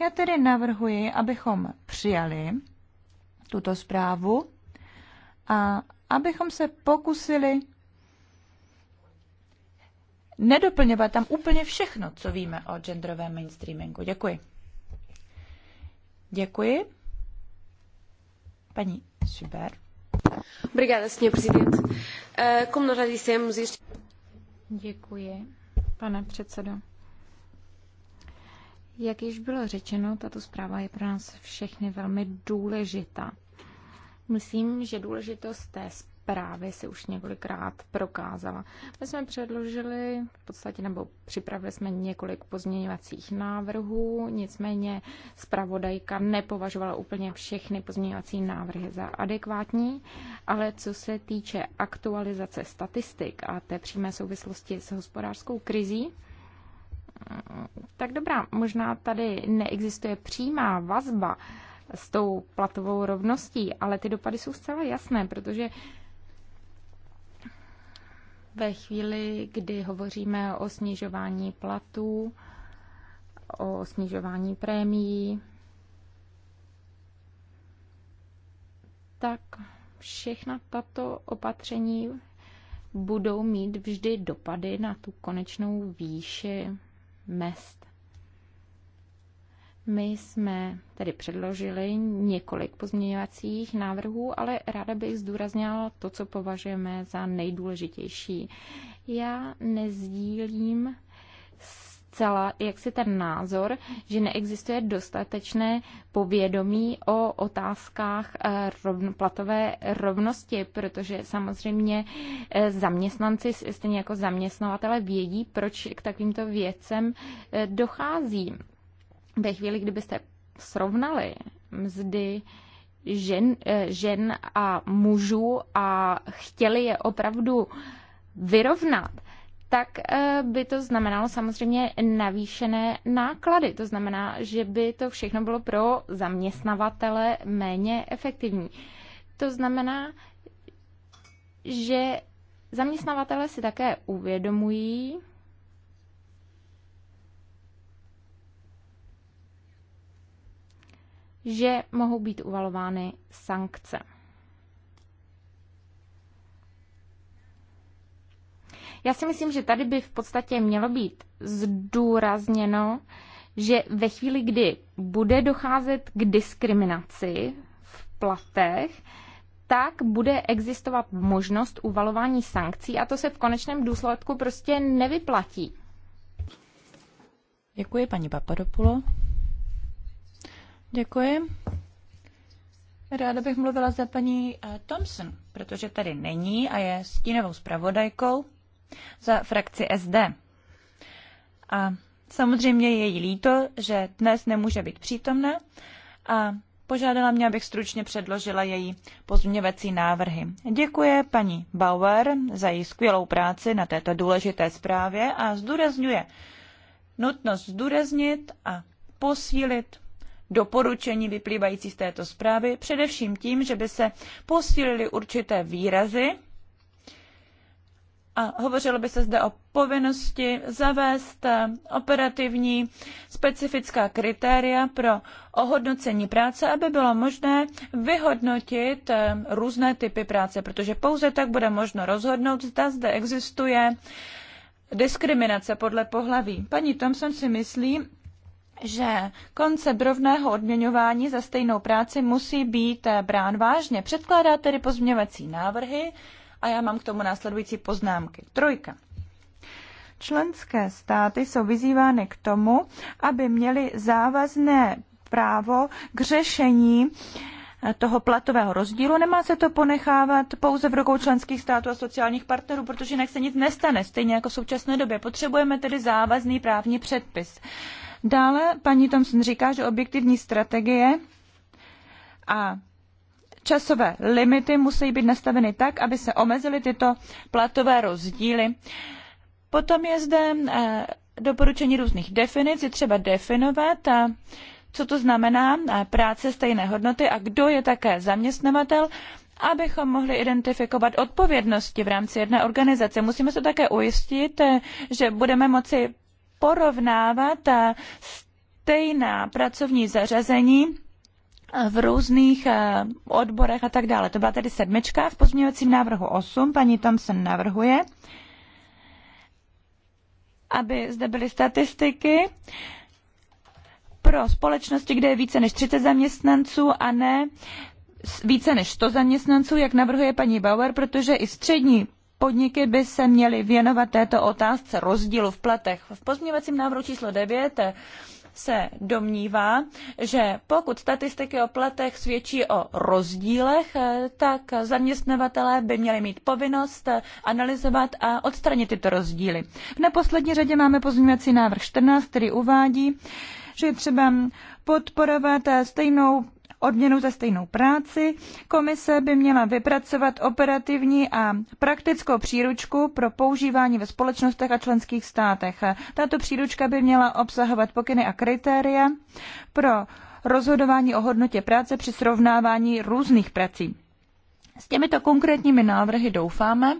Já tedy navrhuji, abychom přijali tuto zprávu a abychom se pokusili nedoplňovat tam úplně všechno, co víme o genderovém mainstreamingu. Děkuji. Děkuji. Paní Schubert. Obrigada, senhor presidente. Uh, como nós já dissemos, este... Děkuji, pane předsedo. Jak již bylo řečeno, tato zpráva je pro nás všechny velmi důležitá. Myslím, že důležitost té právě se už několikrát prokázala. My jsme předložili v podstatě nebo připravili jsme několik pozměňovacích návrhů, nicméně zpravodajka nepovažovala úplně všechny pozměňovací návrhy za adekvátní, ale co se týče aktualizace statistik a té přímé souvislosti s hospodářskou krizí, tak dobrá, možná tady neexistuje přímá vazba s tou platovou rovností, ale ty dopady jsou zcela jasné, protože ve chvíli, kdy hovoříme o snižování platů, o snižování prémií, tak všechna tato opatření budou mít vždy dopady na tu konečnou výši mest. My jsme tedy předložili několik pozměňovacích návrhů, ale ráda bych zdůraznila to, co považujeme za nejdůležitější. Já nezdílím zcela jaksi ten názor, že neexistuje dostatečné povědomí o otázkách eh, rovn, platové rovnosti, protože samozřejmě eh, zaměstnanci, stejně jako zaměstnavatele, vědí, proč k takovýmto věcem eh, dochází ve chvíli, kdybyste srovnali mzdy žen, eh, žen a mužů a chtěli je opravdu vyrovnat, tak eh, by to znamenalo samozřejmě navýšené náklady. To znamená, že by to všechno bylo pro zaměstnavatele méně efektivní. To znamená, že zaměstnavatele si také uvědomují, že mohou být uvalovány sankce. Já si myslím, že tady by v podstatě mělo být zdůrazněno, že ve chvíli, kdy bude docházet k diskriminaci v platech, tak bude existovat možnost uvalování sankcí a to se v konečném důsledku prostě nevyplatí. Děkuji, paní Papadopulo. Děkuji. Ráda bych mluvila za paní eh, Thompson, protože tady není a je stínovou zpravodajkou za frakci SD. A samozřejmě je jí líto, že dnes nemůže být přítomna a požádala mě, abych stručně předložila její pozměňovací návrhy. Děkuje paní Bauer za její skvělou práci na této důležité zprávě a zdůrazňuje nutnost zdůraznit a posílit doporučení vyplývající z této zprávy, především tím, že by se posílily určité výrazy a hovořilo by se zde o povinnosti zavést eh, operativní specifická kritéria pro ohodnocení práce, aby bylo možné vyhodnotit eh, různé typy práce, protože pouze tak bude možno rozhodnout, zda zde existuje diskriminace podle pohlaví. Paní Thompson si myslí, že koncept rovného odměňování za stejnou práci musí být eh, brán vážně. Předkládá tedy pozměňovací návrhy a já mám k tomu následující poznámky. Trojka. Členské státy jsou vyzývány k tomu, aby měly závazné právo k řešení eh, toho platového rozdílu. Nemá se to ponechávat pouze v rukou členských států a sociálních partnerů, protože jinak se nic nestane, stejně jako v současné době. Potřebujeme tedy závazný právní předpis. Uh, Dále paní Thompson říká, že objektivní strategie a časové limity musí být nastaveny tak, aby se omezily tyto platové rozdíly. Potom je zde eh, doporučení různých definic, je třeba definovat, eh, co to znamená eh, práce stejné hodnoty a kdo je také zaměstnavatel, abychom mohli identifikovat odpovědnosti v rámci jedné organizace. Musíme se také ujistit, že budeme moci porovnávat eh, stejná pracovní zařazení eh, v různých eh, odborech a tak dále. To byla tedy sedmička v pozměňovacím návrhu 8. Paní Thompson navrhuje, aby zde byly statistiky pro společnosti, kde je více než 30 zaměstnanců a ne více než 100 zaměstnanců, jak navrhuje paní Bauer, protože i střední podniky by se měly věnovat této otázce rozdílu v platech. V pozměňovacím návrhu číslo 9 se domnívá, že pokud statistiky o platech svědčí o rozdílech, tak zaměstnavatelé by měli mít povinnost analyzovat a odstranit tyto rozdíly. V neposlední řadě máme pozměňovací návrh 14, který uvádí, že je třeba podporovat stejnou odměnu za stejnou práci. Komise by měla vypracovat operativní a praktickou příručku pro používání ve společnostech a členských státech. Tato příručka by měla obsahovat pokyny a kritéria pro rozhodování o hodnotě práce při srovnávání různých prací. S těmito konkrétními návrhy doufáme,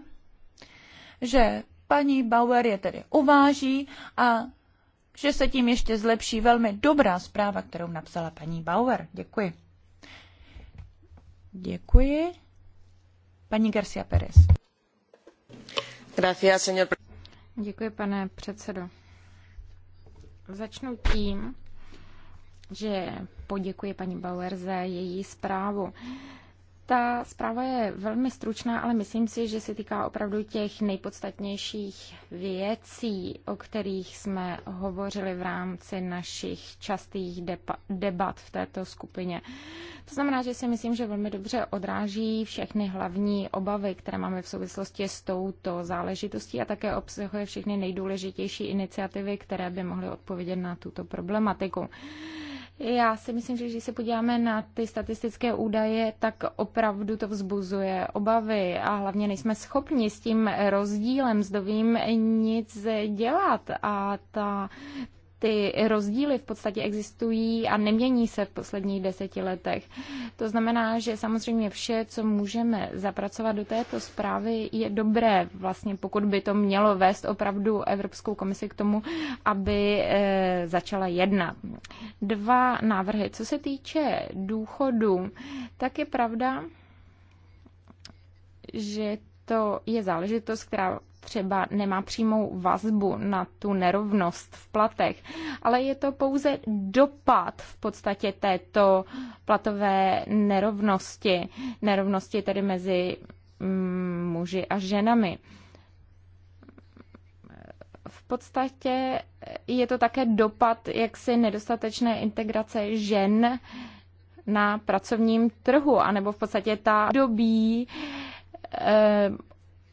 že paní Bauer je tedy uváží a že se tím ještě zlepší velmi dobrá zpráva, kterou napsala paní Bauer. Děkuji. Děkuji. Paní Garcia Perez. Gracias, señor. Děkuji, pane předsedo. Začnu tím, že poděkuji paní Bauer za její zprávu. Ta zpráva je velmi stručná, ale myslím si, že se týká opravdu těch nejpodstatnějších věcí, o kterých jsme hovořili v rámci našich častých debat v této skupině. To znamená, že si myslím, že velmi dobře odráží všechny hlavní obavy, které máme v souvislosti s touto záležitostí a také obsahuje všechny nejdůležitější iniciativy, které by mohly odpovědět na tuto problematiku. Já si myslím, že když se podíváme na ty statistické údaje, tak opravdu to vzbuzuje obavy a hlavně nejsme schopni s tím rozdílem zdovím nic dělat a ta ty rozdíly v podstatě existují a nemění se v posledních deseti letech. To znamená, že samozřejmě vše, co můžeme zapracovat do této zprávy, je dobré, vlastně pokud by to mělo vést opravdu Evropskou komisi k tomu, aby eh, začala jednat. Dva návrhy. Co se týče důchodu, tak je pravda, že to je záležitost, která třeba nemá přímou vazbu na tu nerovnost v platech, ale je to pouze dopad v podstatě této platové nerovnosti, nerovnosti tedy mezi mm, muži a ženami. V podstatě je to také dopad jaksi nedostatečné integrace žen na pracovním trhu, anebo v podstatě ta dobí eh,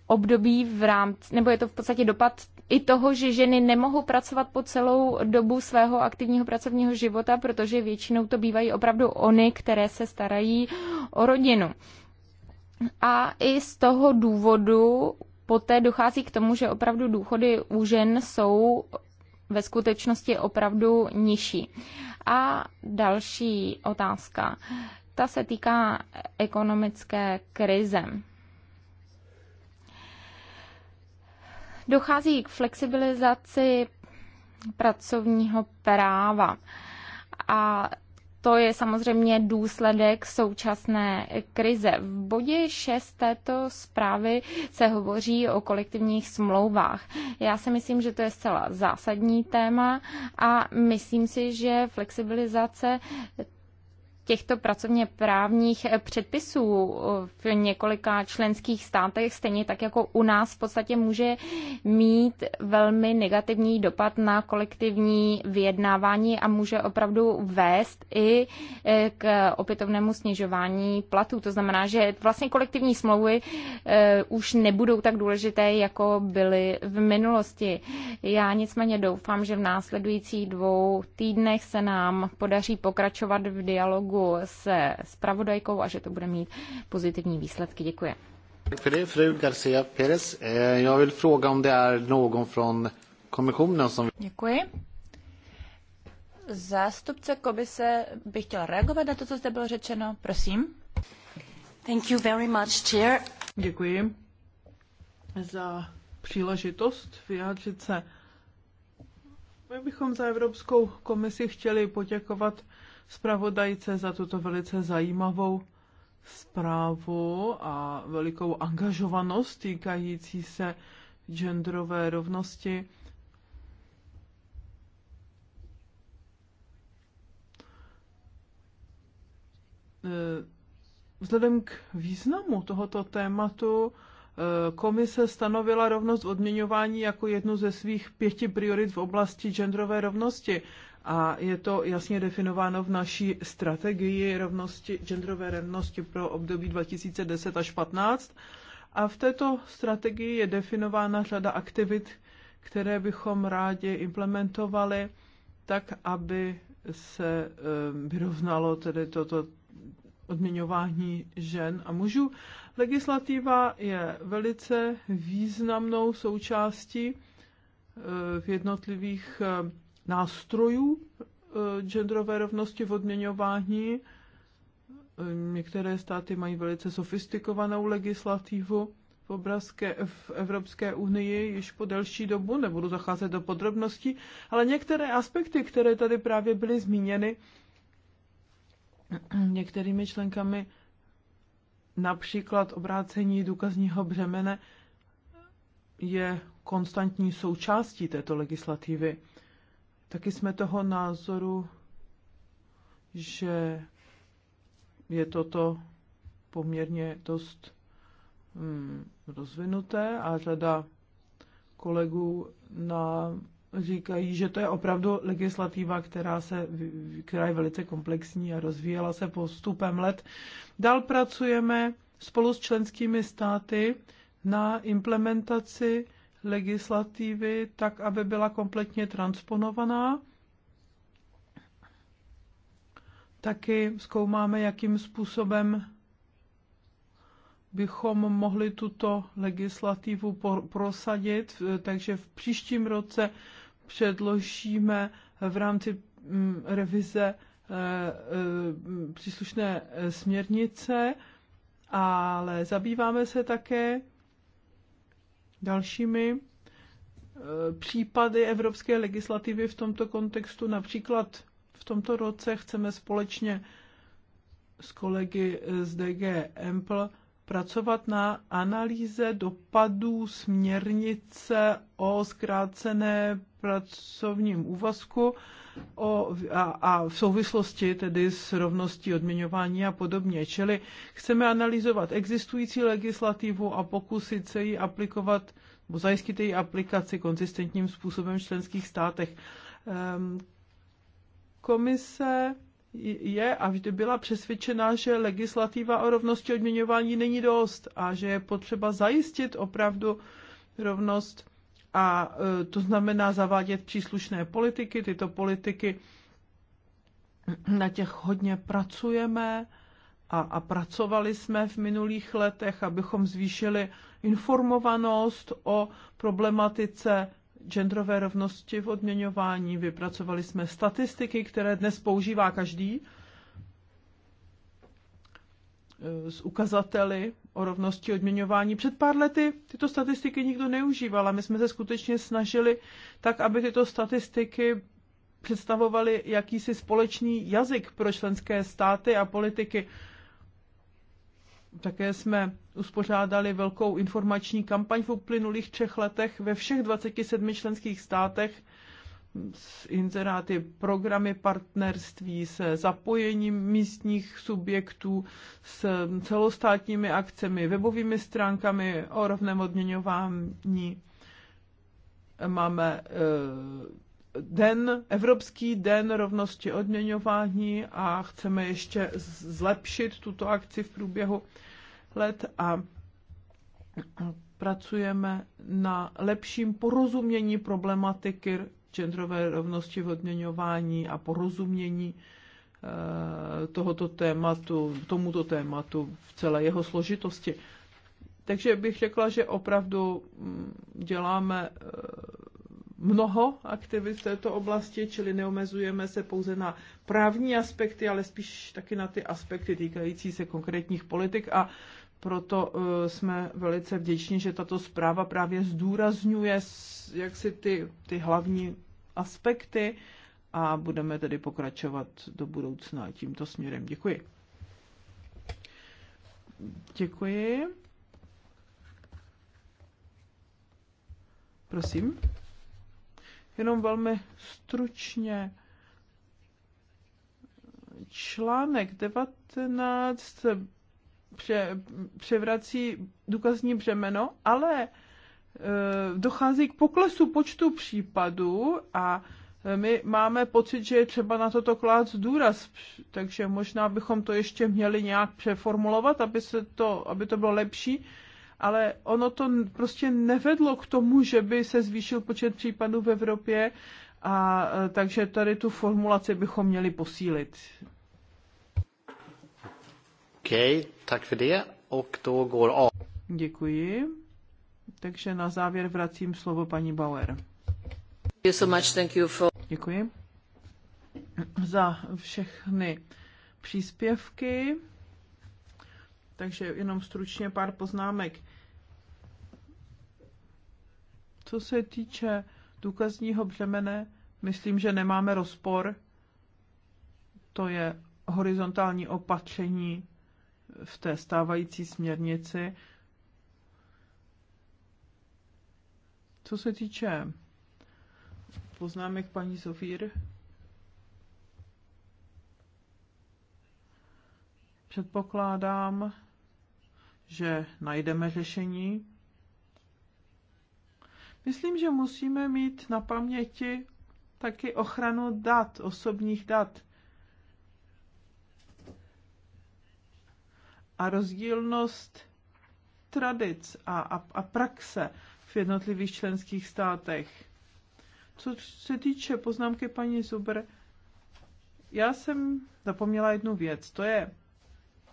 období v rámci, nebo je to v podstatě dopad i toho, že ženy nemohou pracovat po celou dobu svého aktivního pracovního života, protože většinou to bývají opravdu ony, které se starají o rodinu. A i z toho důvodu poté dochází k tomu, že opravdu důchody u žen jsou ve skutečnosti opravdu nižší. A další otázka. Ta se týká ekonomické krize. dochází k flexibilizaci pracovního práva. A to je samozřejmě důsledek současné krize. V bodě 6 této zprávy se hovoří o kolektivních smlouvách. Já si myslím, že to je zcela zásadní téma a myslím si, že flexibilizace těchto pracovně právních eh, předpisů eh, v několika členských státech, stejně tak jako u nás v podstatě může mít velmi negativní dopad na kolektivní vyjednávání a může opravdu vést i eh, k opětovnému snižování platů. To znamená, že vlastně kolektivní smlouvy už nebudou tak důležité, jako byly v minulosti. Já nicméně doufám, že v následujících dvou týdnech se nám podaří pokračovat v dialogu dialogu se spravodajkou a že to bude mít pozitivní výsledky. Děkuji. Eh, Děkuji. Zástupce komise bych chtěla reagovat na to, co zde bylo řečeno. Prosím. Thank you very much, chair. Děkuji za příležitost vyjádřit se. My bychom za Evropskou komisi chtěli poděkovat zpravodajce za tuto velice zajímavou zprávu a velikou angažovanost týkající se genderové rovnosti. Eh, vzhledem k významu tohoto tématu eh, komise stanovila rovnost odměňování jako jednu ze svých pěti priorit v oblasti genderové rovnosti a je to jasně definováno v naší strategii rovnosti, genderové rovnosti pro období 2010 až 15. A v této strategii je definována řada aktivit, které bychom rádi implementovali, tak aby se ehm, vyrovnalo tedy toto odměňování žen a mužů. Legislativa je velice významnou součástí ehm, v jednotlivých ehm, nástrojů eh, genderové rovnosti v odměňování. Eh, některé státy mají velice sofistikovanou legislativu v, obrazke, v Evropské unii již po delší dobu, nebudu zacházet do podrobností, ale některé aspekty, které tady právě byly zmíněny některými členkami, například obrácení důkazního břemene, je konstantní součástí této legislativy. Taky jsme toho názoru, že je toto poměrně dost hmm, rozvinuté a řada kolegů na, říkají, že to je opravdu legislativa, která, se, která je velice komplexní a rozvíjela se postupem let. Dál pracujeme spolu s členskými státy na implementaci legislativy tak, aby byla kompletně transponovaná. Taky zkoumáme, jakým způsobem bychom mohli tuto legislativu prosadit, takže v příštím roce předložíme v rámci mm, revize eh, eh, příslušné eh, směrnice, ale zabýváme se také dalšími eh, případy evropské legislativy v tomto kontextu. Například v tomto roce chceme společně s kolegy z DG Empl pracovat na analýze dopadů směrnice o zkrácené pracovním úvazku o, a, a v souvislosti tedy s rovností odměňování a podobně. Čili chceme analyzovat existující legislativu a pokusit se ji aplikovat, nebo zajistit její aplikaci konzistentním způsobem v členských státech. Ehm, komise je a vždy byla přesvědčena, že legislativa o rovnosti odměňování není dost a že je potřeba zajistit opravdu rovnost a e, to znamená zavádět příslušné politiky. Tyto politiky, na těch hodně pracujeme a, a pracovali jsme v minulých letech, abychom zvýšili informovanost o problematice genderové rovnosti v odměňování. Vypracovali jsme statistiky, které dnes používá každý Eh, s ukazateli o rovnosti odměňování. Před pár lety tyto statistiky nikdo neužíval a my jsme se skutečně snažili tak, aby tyto statistiky představovaly jakýsi společný jazyk pro členské státy a politiky. Také jsme uspořádali velkou informační kampaň v uplynulých třech letech ve všech 27 členských státech s inzeráty, programy partnerství, se zapojením místních subjektů, s celostátními akcemi, webovými stránkami o rovném odměňování. Máme eh, den, Evropský den rovnosti odměňování a chceme ještě zlepšit tuto akci v průběhu let a pracujeme na lepším porozumění problematiky genderové rovnosti v odměňování a porozumění eh, tohoto tématu, tomuto tématu v celé jeho složitosti. Takže bych řekla, že opravdu mm, děláme eh, mnoho aktivit v této oblasti, čili neomezujeme se pouze na právní aspekty, ale spíš taky na ty aspekty týkající se konkrétních politik a proto eh, jsme velice vděční, že tato zpráva právě zdůrazňuje jak si ty, ty hlavní aspekty a budeme tedy pokračovat do budoucna tímto směrem. Děkuji. Děkuji. Prosím. Jenom velmi stručně článek 19 pře, převrací důkazní břemeno, ale e, dochází k poklesu počtu případů a e, my máme pocit, že je třeba na toto klát důraz, takže možná bychom to ještě měli nějak přeformulovat, aby, se to, aby to bylo lepší, ale ono to prostě nevedlo k tomu, že by se zvýšil počet případů v Evropě, a e, takže tady tu formulaci bychom měli posílit. Okej, tak går Děkuji. Takže na závěr vracím slovo paní Bauer. you so much, thank you for... Děkuji za všechny příspěvky. Takže jenom stručně pár poznámek. Co se týče důkazního břemene, myslím, že nemáme rozpor. To je horizontální opatření v té stávající směrnici. Co se týče poznámek paní Sofír, předpokládám, že najdeme řešení. Myslím, že musíme mít na paměti taky ochranu dat, osobních dat. a rozdílnost tradic a, a, a praxe v jednotlivých členských státech. Co se týče poznámky paní Zuber, já jsem zapomněla jednu věc. To je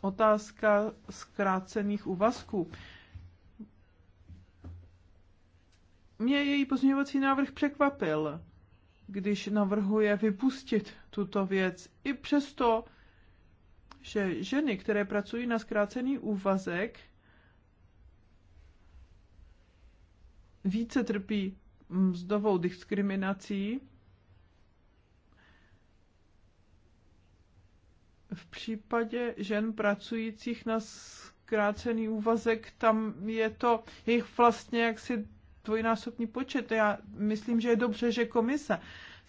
otázka zkrácených úvazků. Mě její pozměňovací návrh překvapil, když navrhuje vypustit tuto věc. I přesto, že ženy, které pracují na zkrácený úvazek, více trpí mzdovou diskriminací v případě žen pracujících na zkrácený úvazek, tam je to jejich vlastně jaksi dvojnásobný počet. Já myslím, že je dobře, že komise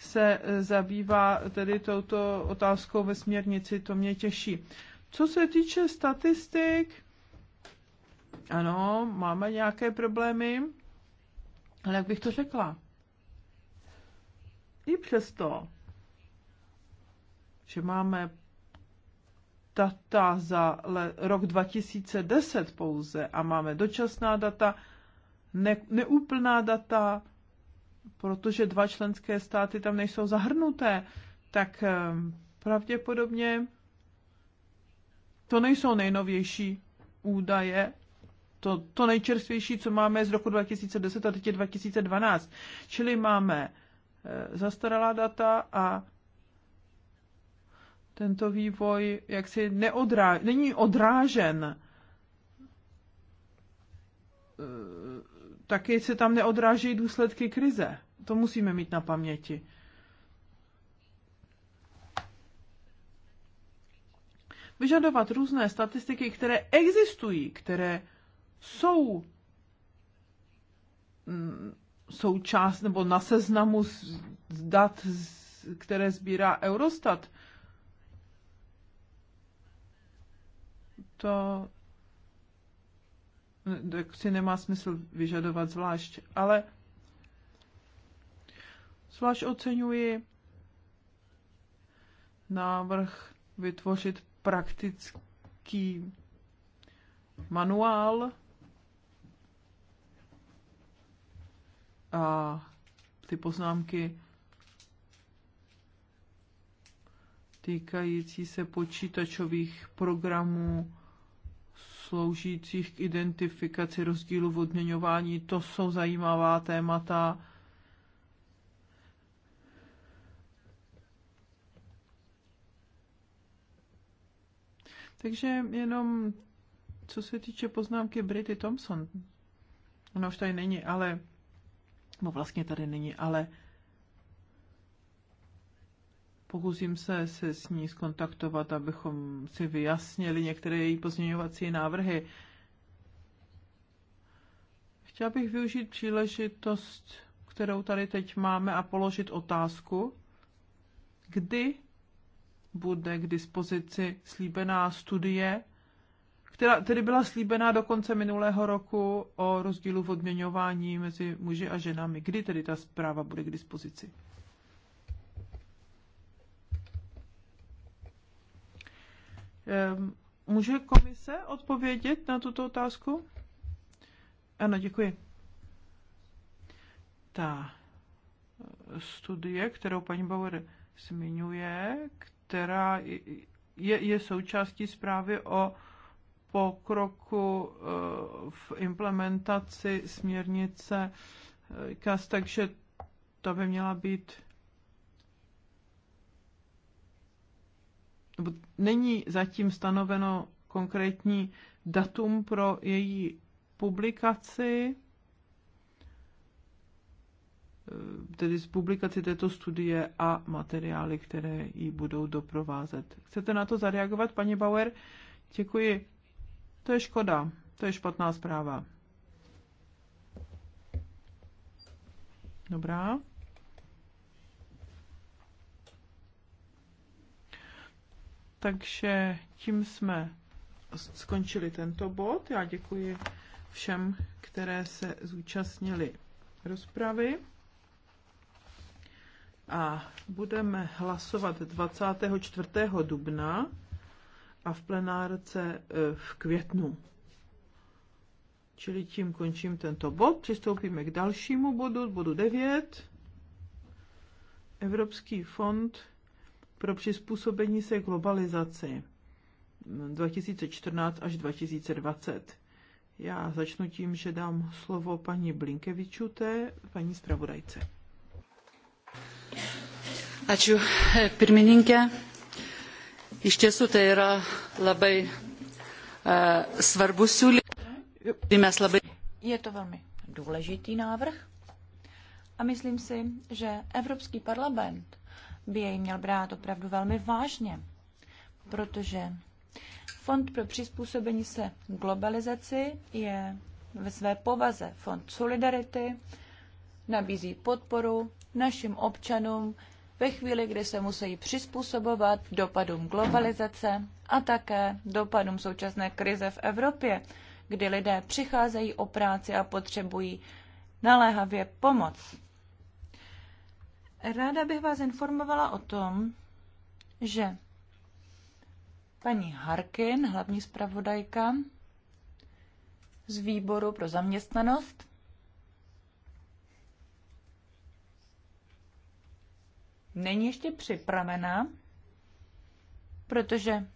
se eh, zabývá tedy touto otázkou ve směrnici, to mě těší. Co se týče statistik, ano, máme nějaké problémy, ale jak bych to řekla? I přesto, že máme data za rok 2010 pouze a máme dočasná data, ne- neúplná data, protože dva členské státy tam nejsou zahrnuté, tak eh, pravděpodobně to nejsou nejnovější údaje, to, to nejčerstvější, co máme, je z roku 2010 a teď je 2012. Čili máme eh, zastaralá data a tento vývoj jaksi neodrá, není odrážen eh, taky se tam neodrážejí důsledky krize. To musíme mít na paměti. Vyžadovat různé statistiky, které existují, které jsou mm, součást nebo na seznamu z dat, které sbírá Eurostat, to tak si nemá smysl vyžadovat zvlášť, ale zvlášť oceňuji návrh vytvořit praktický manuál a ty poznámky týkající se počítačových programů sloužících k identifikaci rozdílu v odměňování. To jsou zajímavá témata. Takže jenom co se týče poznámky Brity Thompson, ona už tady není, ale, no vlastně tady není, ale Pokusím se, se s ní skontaktovat, abychom si vyjasnili některé její pozměňovací návrhy. Chtěla bych využít příležitost, kterou tady teď máme, a položit otázku, kdy bude k dispozici slíbená studie, která tedy byla slíbená do konce minulého roku o rozdílu v odměňování mezi muži a ženami. Kdy tedy ta zpráva bude k dispozici? Ehm, může komise odpovědět na tuto otázku? Ano, děkuji. Ta eh, studie, kterou paní Bauer zmiňuje, která je, je součástí zprávy o pokroku eh, v implementaci směrnice eh, KAS, takže to by měla být není zatím stanoveno konkrétní datum pro její publikaci, eh, tedy z publikaci této studie a materiály, které ji budou doprovázet. Chcete na to zareagovat, paní Bauer? Děkuji. To je škoda. To je špatná zpráva. Dobrá. Takže tím jsme skončili tento bod. Já děkuji všem, které se zúčastnili rozpravy. A budeme hlasovat 24. dubna a v plenárce e, v květnu. Čili tím končím tento bod. Přistoupíme k dalšímu bodu, bodu 9. Evropský fond pro přizpůsobení se globalizaci 2014 až 2020. Já začnu tím, že dám slovo paní Blinkevičuté, paní zpravodajce. Ačiū pirmininkė. Iš tiesų tai yra labai uh, e, svarbus siūlymas. Je to velmi důležitý návrh a myslím si, že Evropský parlament by jej měl brát opravdu velmi vážně, protože Fond pro přizpůsobení se globalizaci je ve své povaze Fond Solidarity, nabízí podporu našim občanům ve chvíli, kdy se musí přizpůsobovat dopadům globalizace a také dopadům současné krize v Evropě, kdy lidé přicházejí o práci a potřebují naléhavě pomoc. Ráda bych vás informovala o tom, že paní Harkin, hlavní zpravodajka z výboru pro zaměstnanost, není ještě připravená, protože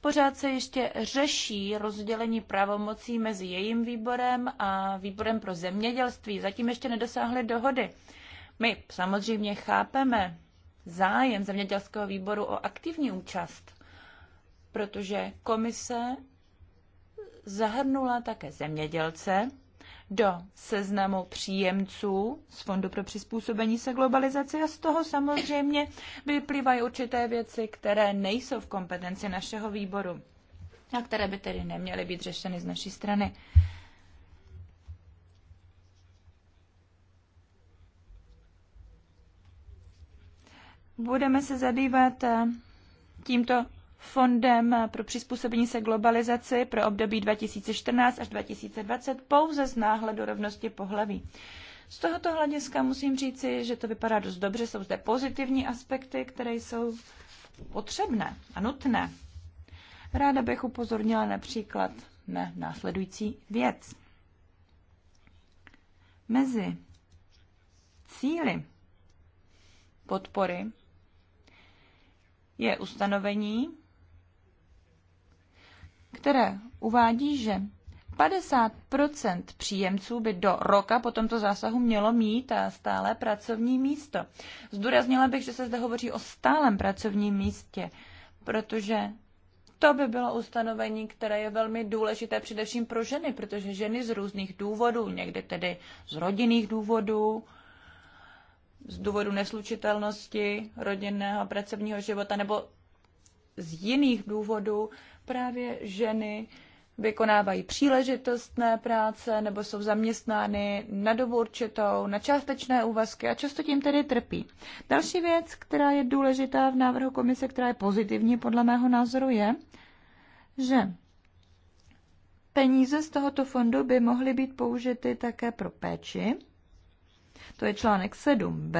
pořád se ještě řeší rozdělení pravomocí mezi jejím výborem a výborem pro zemědělství. Zatím ještě nedosáhly dohody. My samozřejmě chápeme zájem zemědělského výboru o aktivní účast, protože komise zahrnula také zemědělce do seznamu příjemců z Fondu pro přizpůsobení se globalizaci a z toho samozřejmě vyplývají určité věci, které nejsou v kompetenci našeho výboru a které by tedy neměly být řešeny z naší strany. Budeme se zabývat eh, tímto fondem eh, pro přizpůsobení se globalizaci pro období 2014 až 2020 pouze z náhledu rovnosti pohlaví. Z tohoto hlediska musím říci, že to vypadá dost dobře, jsou zde pozitivní aspekty, které jsou potřebné a nutné. Ráda bych upozornila například na následující věc. Mezi cíly podpory je ustanovení, které uvádí, že 50 příjemců by do roka po tomto zásahu mělo mít a stále pracovní místo. Zdůraznila bych, že se zde hovoří o stálem pracovním místě, protože to by bylo ustanovení, které je velmi důležité především pro ženy, protože ženy z různých důvodů, někdy tedy z rodinných důvodů, z důvodu neslučitelnosti rodinného a pracovního života nebo z jiných důvodů právě ženy vykonávají příležitostné práce nebo jsou zaměstnány na dobu určitou, na částečné úvazky a často tím tedy trpí. Další věc, která je důležitá v návrhu komise, která je pozitivní podle mého názoru, je, že peníze z tohoto fondu by mohly být použity také pro péči to je článek 7b.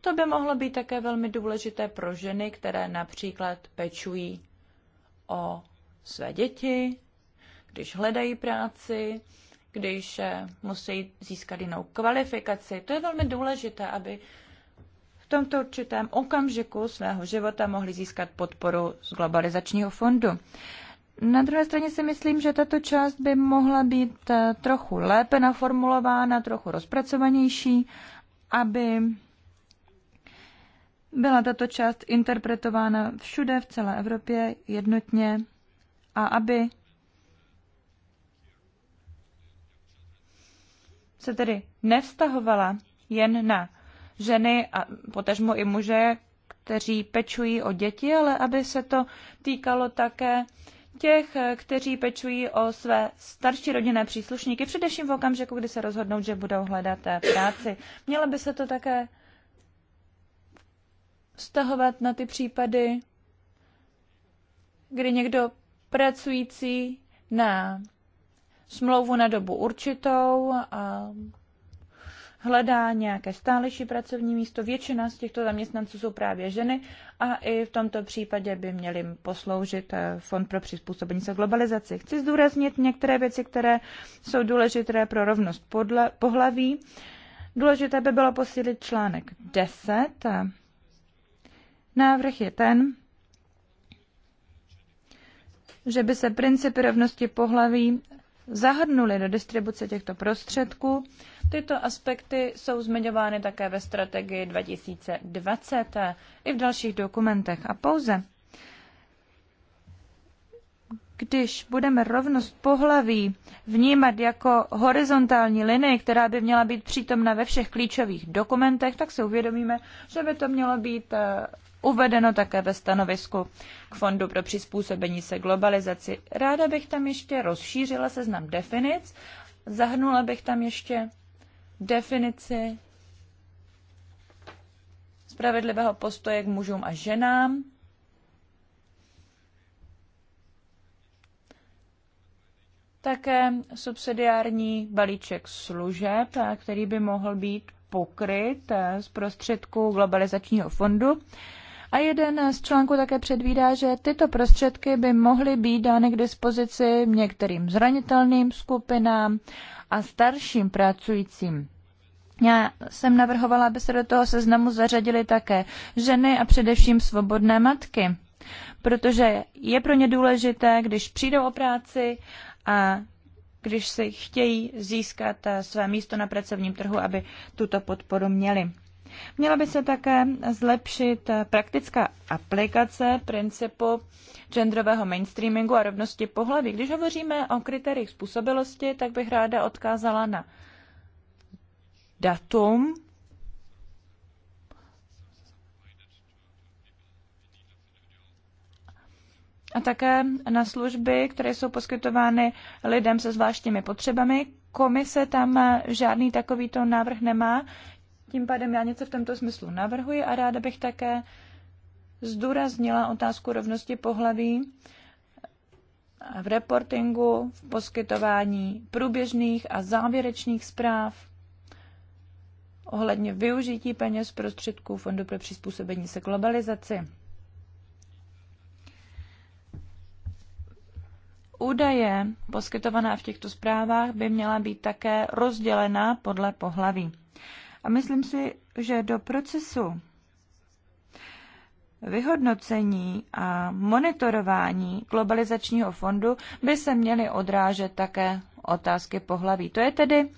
To by mohlo být také velmi důležité pro ženy, které například pečují o své děti, když hledají práci, když eh, musí získat jinou kvalifikaci. To je velmi důležité, aby v tomto určitém okamžiku svého života mohli získat podporu z globalizačního fondu. Na druhé straně si myslím, že tato část by mohla být eh, trochu lépe naformulována, trochu rozpracovanější, aby byla tato část interpretována všude v celé Evropě jednotně a aby se tedy nevztahovala jen na ženy a potažmo i muže, kteří pečují o děti, ale aby se to týkalo také těch, kteří pečují o své starší rodinné příslušníky, především v okamžiku, kdy se rozhodnou, že budou hledat eh, práci. Mělo by se to také vztahovat na ty případy, kdy někdo pracující na smlouvu na dobu určitou a hledá nějaké stálejší pracovní místo. Většina z těchto zaměstnanců jsou právě ženy a i v tomto případě by měli posloužit eh, Fond pro přizpůsobení se globalizaci. Chci zdůraznit některé věci, které jsou důležité pro rovnost podle, pohlaví. Důležité by bylo posílit článek 10. Návrh je ten, že by se principy rovnosti pohlaví zahrnuli do distribuce těchto prostředků. Tyto aspekty jsou zmiňovány také ve strategii 2020 i v dalších dokumentech a pouze když budeme rovnost pohlaví vnímat jako horizontální linii, která by měla být přítomna ve všech klíčových dokumentech, tak se uvědomíme, že by to mělo být eh, uvedeno také ve stanovisku k Fondu pro přizpůsobení se globalizaci. Ráda bych tam ještě rozšířila seznam definic, zahrnula bych tam ještě definici spravedlivého postoje k mužům a ženám, také subsidiární balíček služeb, který by mohl být pokryt z prostředků globalizačního fondu. A jeden z článků také předvídá, že tyto prostředky by mohly být dány k dispozici některým zranitelným skupinám a starším pracujícím. Já jsem navrhovala, aby se do toho seznamu zařadili také ženy a především svobodné matky, protože je pro ně důležité, když přijdou o práci a když si chtějí získat eh, své místo na pracovním trhu, aby tuto podporu měli. Měla by se také zlepšit eh, praktická aplikace principu genderového mainstreamingu a rovnosti pohlaví. Když hovoříme o kritériích způsobilosti, tak bych ráda odkázala na datum, a také na služby, které jsou poskytovány lidem se zvláštními potřebami. Komise tam eh, žádný takovýto návrh nemá. Tím pádem já něco v tomto smyslu navrhuji a ráda bych také zdůraznila otázku rovnosti pohlaví v reportingu, v poskytování průběžných a závěrečných zpráv ohledně využití peněz prostředků Fondu pro přizpůsobení se globalizaci. Údaje poskytovaná v těchto zprávách by měla být také rozdělená podle pohlaví. A myslím si, že do procesu vyhodnocení a monitorování globalizačního fondu by se měly odrážet také otázky pohlaví. To je tedy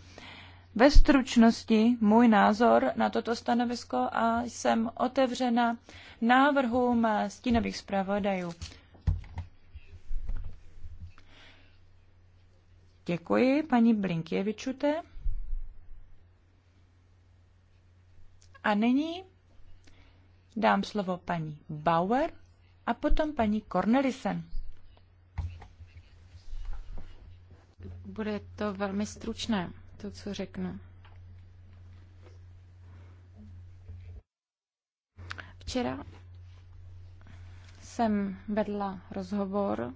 ve stručnosti můj názor na toto stanovisko a jsem otevřena návrhům stínových zpravodajů. Děkuji paní Blinkěvičute. A nyní dám slovo paní Bauer a potom paní Cornelisen. Bude to velmi stručné, to, co řeknu. Včera jsem vedla rozhovor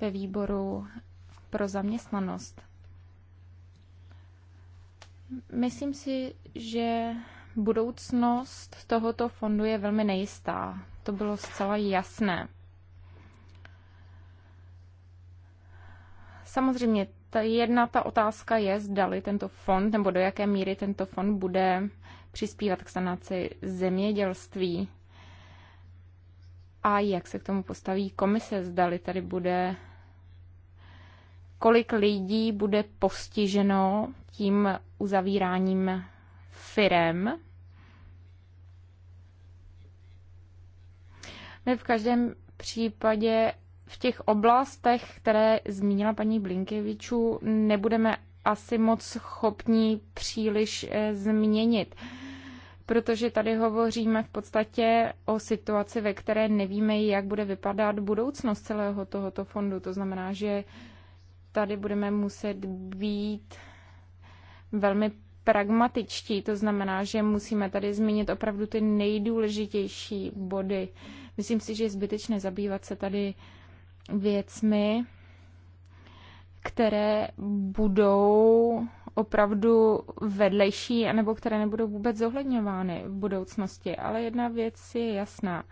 ve výboru pro zaměstnanost. Myslím si, že budoucnost tohoto fondu je velmi nejistá. To bylo zcela jasné. Samozřejmě ta jedna ta otázka je, zdali tento fond nebo do jaké míry tento fond bude přispívat k sanaci zemědělství a jak se k tomu postaví komise, zdali tady bude, kolik lidí bude postiženo tím uzavíráním firem. My v každém případě v těch oblastech, které zmínila paní Blinkevičů, nebudeme asi moc schopní příliš eh, změnit protože tady hovoříme v podstatě o situaci, ve které nevíme, jak bude vypadat budoucnost celého tohoto fondu. To znamená, že tady budeme muset být velmi pragmatičtí, to znamená, že musíme tady zmínit opravdu ty nejdůležitější body. Myslím si, že je zbytečné zabývat se tady věcmi, které budou opravdu vedlejší, anebo které nebudou vůbec zohledňovány v budoucnosti. Ale jedna věc je jasná.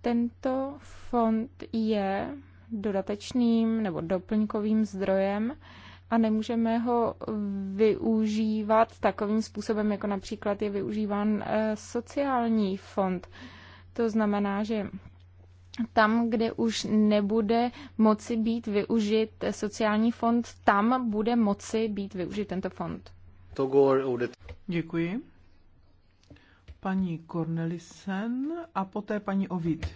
Tento fond je dodatečným nebo doplňkovým zdrojem, a nemůžeme ho využívat takovým způsobem, jako například je využíván eh, sociální fond. To znamená, že tam, kde už nebude moci být využit sociální fond, tam bude moci být využit tento fond. Děkuji. Paní Cornelisen a poté paní Ovid.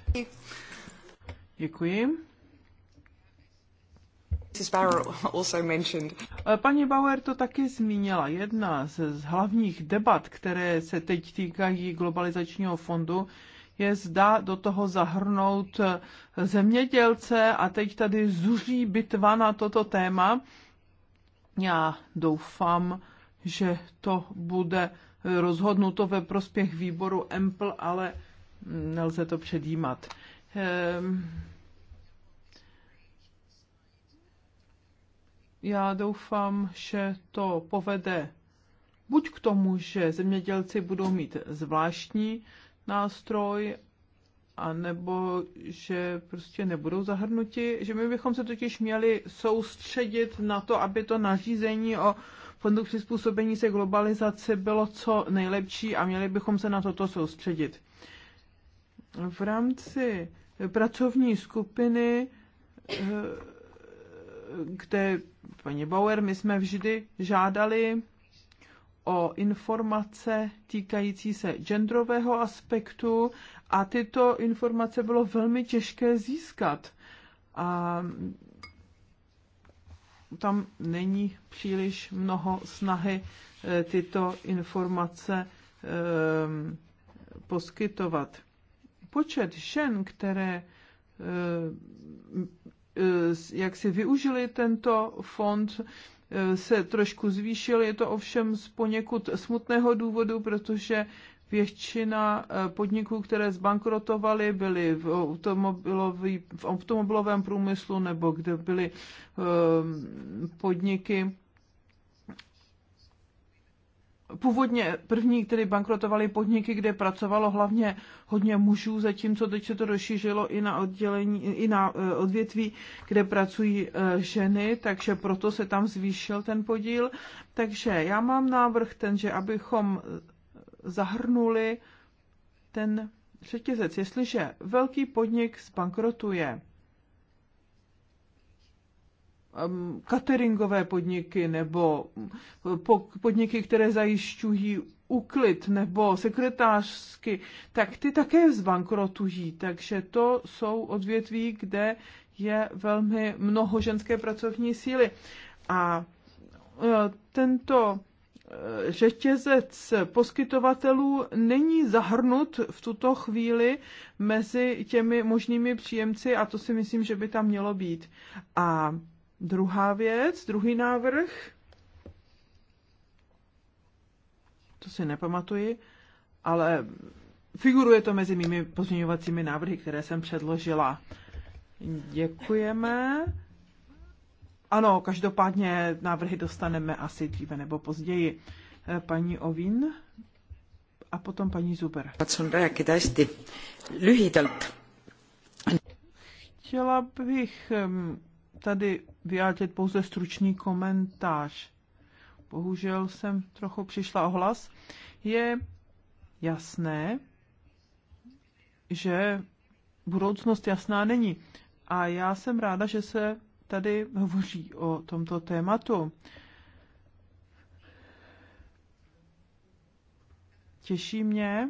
Děkuji. [LAUGHS] Eh, paní Bauer to taky zmínila. Jedna z hlavních debat, které se teď týkají globalizačního fondu, je zda do toho zahrnout eh, zemědělce a teď tady zuří bitva na toto téma. Já doufám, že to bude rozhodnuto ve prospěch výboru EMPL, ale nelze to předjímat. Ehm já doufám, že to povede buď k tomu, že zemědělci budou mít zvláštní nástroj, anebo že prostě nebudou zahrnuti, že my bychom se totiž měli soustředit na to, aby to nařízení o fondu přizpůsobení se globalizaci bylo co nejlepší a měli bychom se na toto soustředit. V rámci pracovní skupiny eh, kde paní Bauer, my jsme vždy žádali o informace týkající se genderového aspektu a tyto informace bylo velmi těžké získat. A tam není příliš mnoho snahy eh, tyto informace eh, poskytovat. Počet žen, které eh, Eh, jak si využili tento fond, eh, se trošku zvýšil. Je to ovšem z poněkud smutného důvodu, protože většina eh, podniků, které zbankrotovaly, byly v, automobilový, v automobilovém průmyslu nebo kde byly podniky původně první, které bankrotovaly podniky, kde pracovalo hlavně hodně mužů, zatímco teď se to rozšířilo i na, oddělení, i na e, odvětví, kde pracují e, ženy, takže proto se tam zvýšil ten podíl. Takže já mám návrh ten, že abychom e, zahrnuli ten řetězec. Jestliže velký podnik zbankrotuje, Um, cateringové podniky nebo um, podniky, které zajišťují uklid nebo sekretářsky, tak ty také zbankrotují. Takže to jsou odvětví, kde je velmi mnoho ženské pracovní síly. A uh, tento uh, řetězec poskytovatelů není zahrnut v tuto chvíli mezi těmi možnými příjemci a to si myslím, že by tam mělo být. A Druhá věc, druhý návrh, to si nepamatuji, ale figuruje to mezi mými pozměňovacími návrhy, které jsem předložila. Děkujeme. Ano, každopádně návrhy dostaneme asi dříve nebo později. Eh, paní Ovin a potom paní Zuber. Chtěla bych tady vyjádřit pouze stručný komentář. Bohužel jsem trochu přišla o hlas. Je jasné, že budoucnost jasná není. A já jsem ráda, že se tady hovoří o tomto tématu. Těší mě,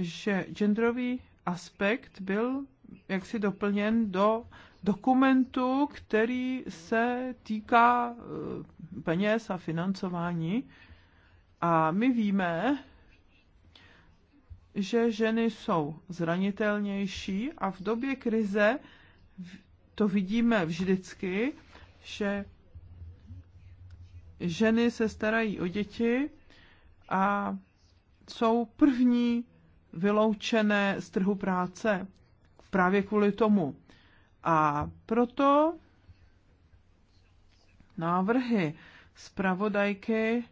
že genderový aspekt byl jaksi doplněn do dokumentu, který se týká eh, peněz a financování. A my víme, že ženy jsou zranitelnější a v době krize to vidíme vždycky, že ženy se starají o děti a jsou první vyloučené z trhu práce právě kvůli tomu. A proto návrhy zpravodajky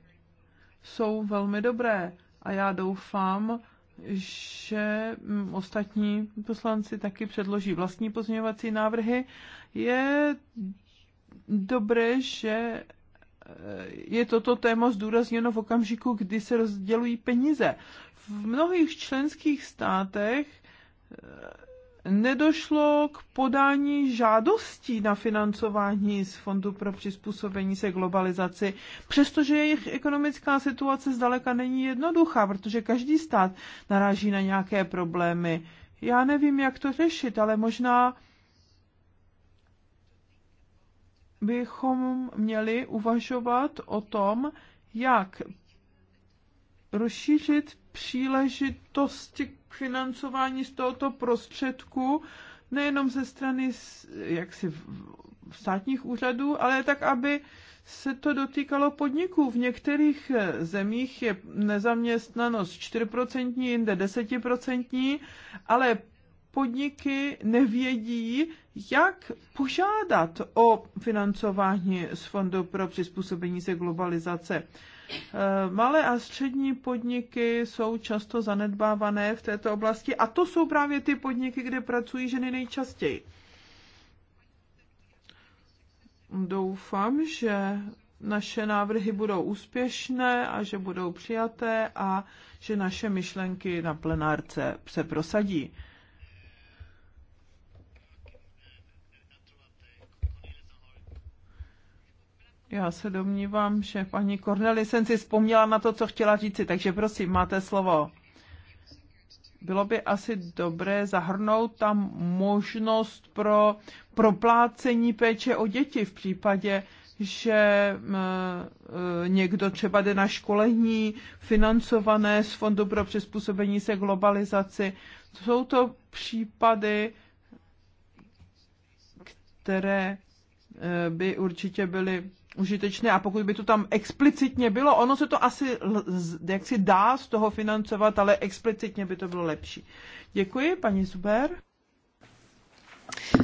jsou velmi dobré a já doufám, že mm, ostatní poslanci taky předloží vlastní pozměňovací návrhy. Je dobré, že eh, je toto téma zdůrazněno v okamžiku, kdy se rozdělují peníze. V mnohých členských státech eh, nedošlo k podání žádostí na financování z Fondu pro přizpůsobení se globalizaci, přestože jejich ekonomická situace zdaleka není jednoduchá, protože každý stát naráží na nějaké problémy. Já nevím, jak to řešit, ale možná bychom měli uvažovat o tom, jak rozšířit příležitosti financování z tohoto prostředku, nejenom ze strany jaksi státních úřadů, ale tak, aby se to dotýkalo podniků. V některých eh, zemích je nezaměstnanost 4%, jinde 10%, ale podniky nevědí, jak požádat o financování z Fondu pro přizpůsobení se globalizace. Eh, malé a střední podniky jsou často zanedbávané v této oblasti a to jsou právě ty podniky, kde pracují ženy nejčastěji. Doufám, že naše návrhy budou úspěšné a že budou přijaté a že naše myšlenky na plenárce se prosadí. Já se domnívám, že paní Korneli jsem si vzpomněla na to, co chtěla říci, takže prosím, máte slovo. Bylo by asi dobré zahrnout tam možnost pro proplácení péče o děti v případě, že eh, eh, někdo třeba jde na školení financované z Fondu pro přizpůsobení se globalizaci. Jsou to případy, které Eh, by určitě byly užitečné a pokud by to tam explicitně bylo, ono se to asi jak si dá z toho financovat, ale explicitně by to bylo lepší. Děkuji, paní Zuber.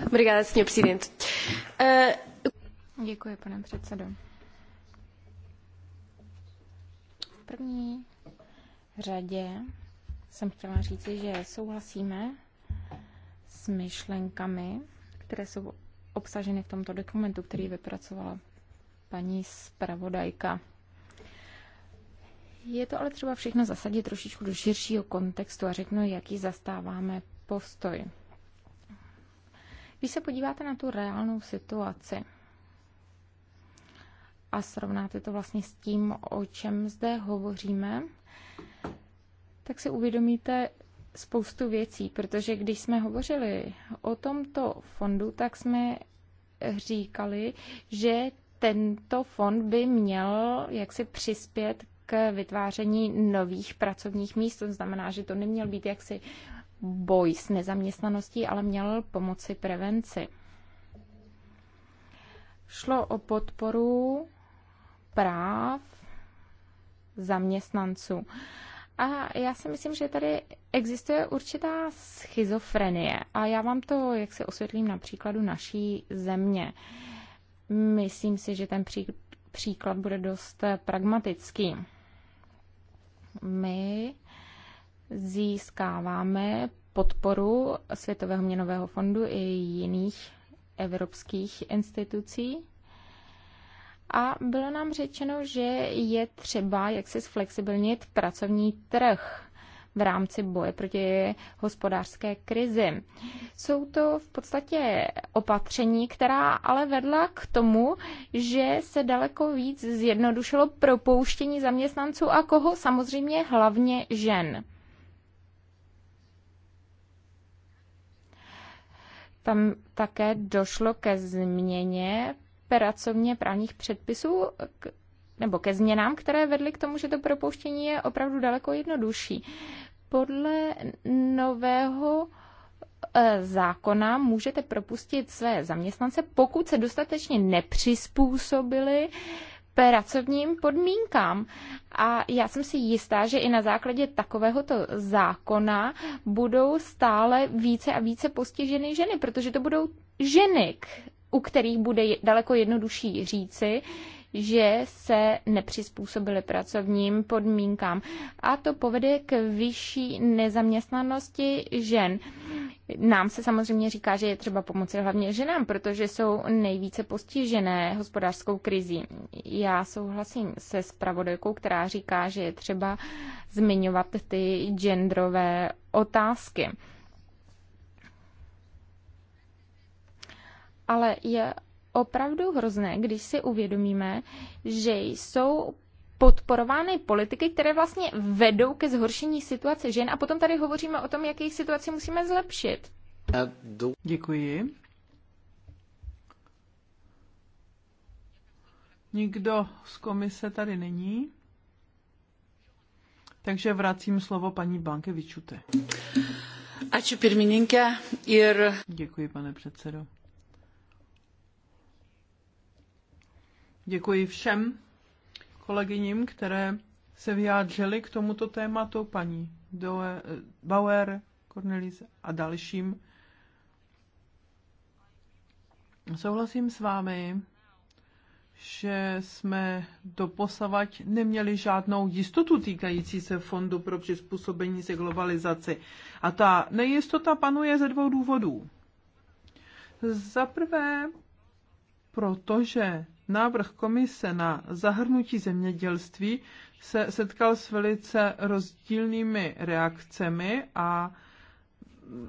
Obrigada, senhor presidente. Eh, Děkuji, pane předsedo. V první řadě jsem chtěla říci, že souhlasíme s myšlenkami, které jsou obsaženy v tomto dokumentu, který vypracovala paní zpravodajka. Je to ale třeba všechno zasadit trošičku do širšího kontextu a řeknu, jaký zastáváme postoj. Když se podíváte na tu reálnou situaci a srovnáte to vlastně s tím, o čem zde hovoříme, tak si uvědomíte, spoustu věcí, protože když jsme hovořili o tomto fondu, tak jsme říkali, že tento fond by měl jaksi přispět k vytváření nových pracovních míst. To znamená, že to neměl být jaksi boj s nezaměstnaností, ale měl pomoci prevenci. Šlo o podporu práv zaměstnanců. A já si myslím, že tady existuje určitá schizofrenie a já vám to, jak se osvětlím na příkladu naší země. Myslím si, že ten pří, příklad bude dost pragmatický. My získáváme podporu Světového měnového fondu i jiných evropských institucí. A bylo nám řečeno, že je třeba jak se zflexibilnit pracovní trh v rámci boje proti hospodářské krizi. Jsou to v podstatě opatření, která ale vedla k tomu, že se daleko víc zjednodušilo propouštění zaměstnanců a koho samozřejmě hlavně žen. Tam také došlo ke změně pracovně právních předpisů, nebo ke změnám, které vedly k tomu, že to propouštění je opravdu daleko jednodušší podle nového eh, zákona můžete propustit své zaměstnance, pokud se dostatečně nepřizpůsobili pracovním podmínkám. A já jsem si jistá, že i na základě takovéhoto zákona budou stále více a více postiženy ženy, protože to budou ženy, u kterých bude daleko jednodušší říci, že se nepřizpůsobili pracovním podmínkám. A to povede k vyšší nezaměstnanosti žen. Nám se samozřejmě říká, že je třeba pomoci hlavně ženám, protože jsou nejvíce postižené hospodářskou krizí. Já souhlasím se spravodajkou, která říká, že je třeba zmiňovat ty genderové otázky. Ale je opravdu hrozné, když si uvědomíme, že jsou podporovány politiky, které vlastně vedou ke zhoršení situace žen a potom tady hovoříme o tom, jak jejich situaci musíme zlepšit. Děkuji. Nikdo z komise tady není. Takže vracím slovo paní Banke Vyčute. Ačiū pirmininkė ir... Děkuji, pane předsedo. Děkuji všem kolegyním, které se vyjádřili k tomuto tématu, paní Doe, Bauer, Cornelis a dalším. Souhlasím s vámi, že jsme doposavať neměli žádnou jistotu týkající se Fondu pro přizpůsobení se globalizaci. A ta nejistota panuje ze dvou důvodů. Za prvé, protože Návrh komise na zahrnutí zemědělství se setkal s velice rozdílnými reakcemi a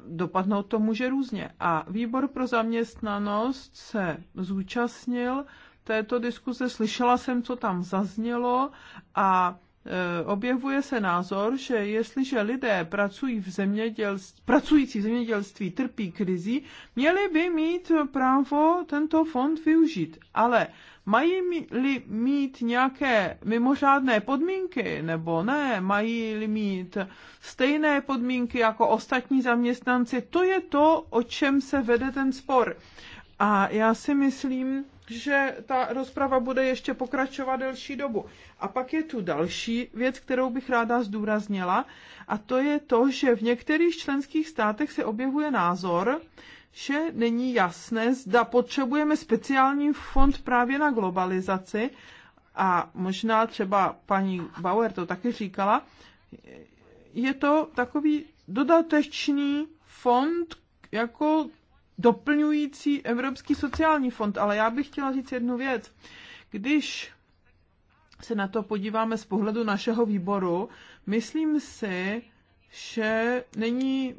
dopadnout to může různě. A výbor pro zaměstnanost se zúčastnil této diskuse, slyšela jsem, co tam zaznělo a Eh, objevuje se názor, že jestliže lidé pracují v zemědělství, pracující v zemědělství trpí krizi, měli by mít právo tento fond využít. Ale mají-li mít nějaké mimořádné podmínky nebo ne, mají-li mít stejné podmínky jako ostatní zaměstnanci, to je to, o čem se vede ten spor. A já si myslím, že ta rozprava bude ještě pokračovat delší dobu. A pak je tu další věc, kterou bych ráda zdůraznila, a to je to, že v některých členských státech se objevuje názor, že není jasné, zda potřebujeme speciální fond právě na globalizaci, a možná třeba paní Bauer to taky říkala, je to takový dodatečný fond jako doplňující Evropský sociální fond. Ale já bych chtěla říct jednu věc. Když se na to podíváme z pohledu našeho výboru, myslím si, že není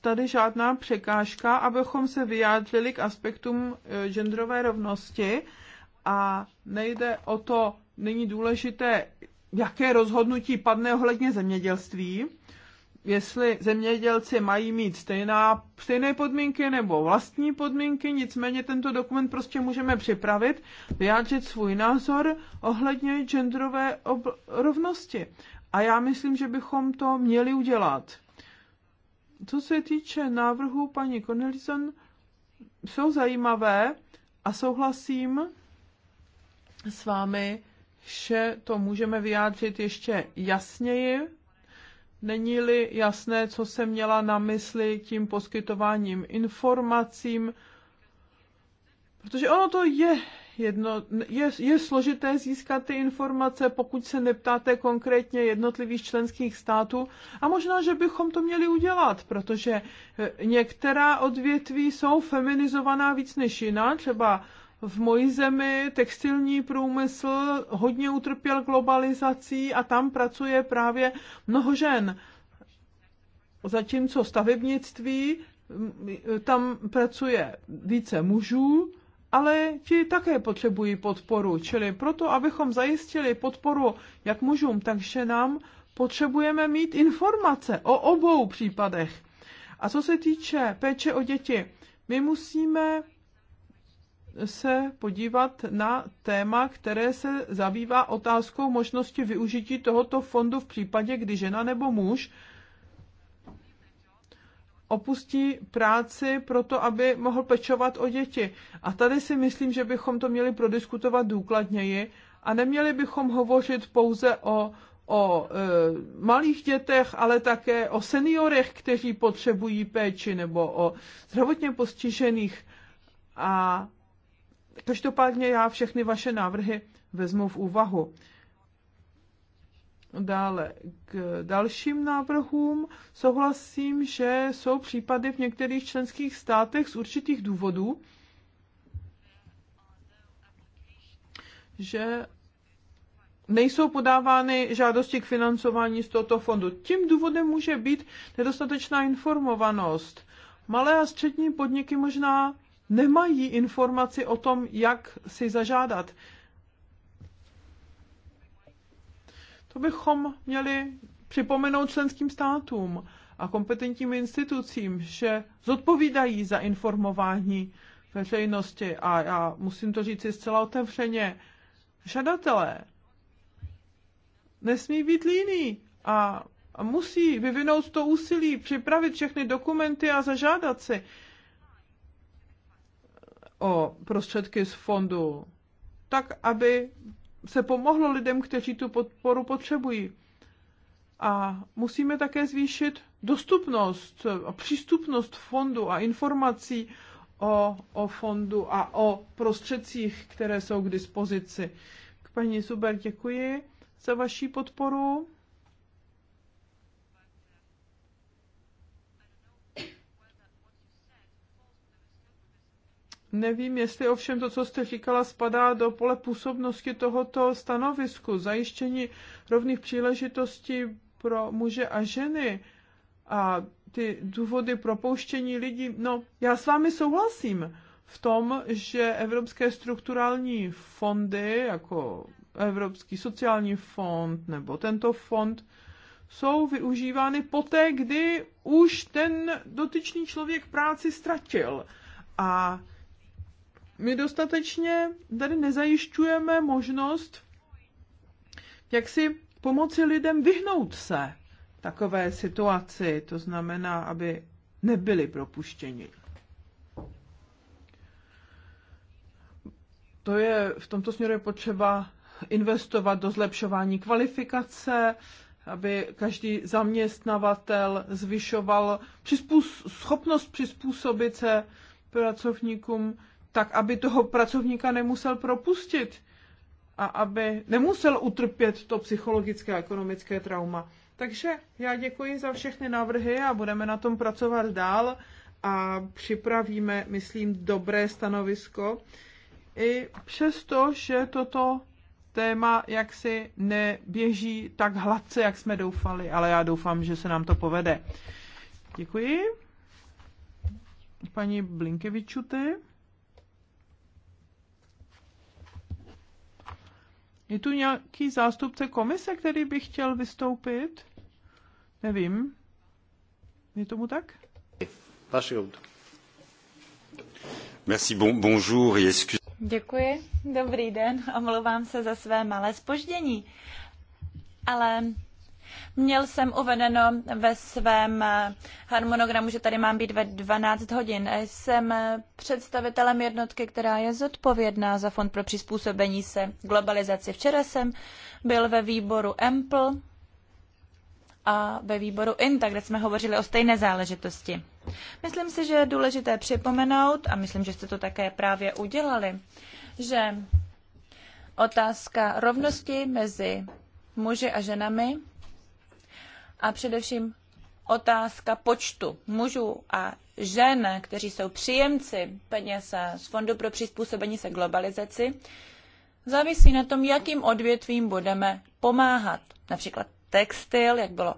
tady žádná překážka, abychom se vyjádřili k aspektům e, genderové rovnosti a nejde o to, není důležité, jaké rozhodnutí padne ohledně zemědělství, jestli zemědělci mají mít stejná, stejné podmínky nebo vlastní podmínky, nicméně tento dokument prostě můžeme připravit, vyjádřit svůj názor ohledně genderové rovnosti. A já myslím, že bychom to měli udělat. Co se týče návrhu paní Cornelison, jsou zajímavé a souhlasím s vámi, že to můžeme vyjádřit ještě jasněji Není-li jasné, co se měla na mysli tím poskytováním informacím, protože ono to je jedno, je, je složité získat ty informace, pokud se neptáte konkrétně jednotlivých členských států. A možná, že bychom to měli udělat, protože eh, některá odvětví jsou feminizovaná víc než jiná, třeba v mojí zemi textilní průmysl hodně utrpěl globalizací a tam pracuje právě mnoho žen. Zatímco stavebnictví tam pracuje více mužů, ale ti také potřebují podporu. Čili proto, abychom zajistili podporu jak mužům, tak ženám, potřebujeme mít informace o obou případech. A co se týče péče o děti, my musíme se podívat na téma, které se zabývá otázkou možnosti využití tohoto fondu v případě, kdy žena nebo muž opustí práci proto, aby mohl pečovat o děti. A tady si myslím, že bychom to měli prodiskutovat důkladněji a neměli bychom hovořit pouze o, o e, malých dětech, ale také o seniorech, kteří potřebují péči, nebo o zdravotně postižených. A Každopádně já všechny vaše návrhy vezmu v úvahu. Dále k dalším návrhům souhlasím, že jsou případy v některých členských státech z určitých důvodů, že nejsou podávány žádosti k financování z tohoto fondu. Tím důvodem může být nedostatečná informovanost. Malé a střední podniky možná nemají informaci o tom, jak si zažádat. To bychom měli připomenout členským státům a kompetentním institucím, že zodpovídají za informování veřejnosti a já musím to říct zcela otevřeně, žadatelé nesmí být líní a musí vyvinout to úsilí, připravit všechny dokumenty a zažádat si o prostředky z fondu, tak aby se pomohlo lidem, kteří tu podporu potřebují. A musíme také zvýšit dostupnost a přístupnost fondu a informací o, o fondu a o prostředcích, které jsou k dispozici. K paní Suber děkuji za vaši podporu. Nevím, jestli ovšem to, co jste říkala, spadá do pole působnosti tohoto stanovisku. Zajištění rovných příležitostí pro muže a ženy a ty důvody propouštění lidí. No, já s vámi souhlasím v tom, že evropské strukturální fondy, jako Evropský sociální fond nebo tento fond, jsou využívány poté, kdy už ten dotyčný člověk práci ztratil. A my dostatečně tady nezajišťujeme možnost, jak si pomoci lidem vyhnout se takové situaci, to znamená, aby nebyli propuštěni. To je, v tomto směru je potřeba investovat do zlepšování kvalifikace, aby každý zaměstnavatel zvyšoval schopnost přizpůsobit se pracovníkům tak aby toho pracovníka nemusel propustit a aby nemusel utrpět to psychologické a ekonomické trauma. Takže já děkuji za všechny návrhy a budeme na tom pracovat dál a připravíme, myslím, dobré stanovisko. I přesto, že toto téma jaksi neběží tak hladce, jak jsme doufali, ale já doufám, že se nám to povede. Děkuji. Paní Blinkevičuty. Je tu nějaký zástupce komise, který by chtěl vystoupit? Nevím. Je tomu tak? Vaše Merci, bon, bonjour excuse. Děkuji, dobrý den, omlouvám se za své malé spoždění. Ale Měl jsem uvedeno ve svém eh, harmonogramu, že tady mám být ve 12 hodin. Jsem eh, představitelem jednotky, která je zodpovědná za Fond pro přizpůsobení se globalizaci. Včera jsem byl ve výboru EMPL a ve výboru INTA, kde jsme hovořili o stejné záležitosti. Myslím si, že je důležité připomenout, a myslím, že jste to také právě udělali, že otázka rovnosti mezi muži a ženami a především otázka počtu mužů a žen, kteří jsou příjemci peněz z Fondu pro přizpůsobení se globalizaci, závisí na tom, jakým odvětvím budeme pomáhat. Například textil, jak bylo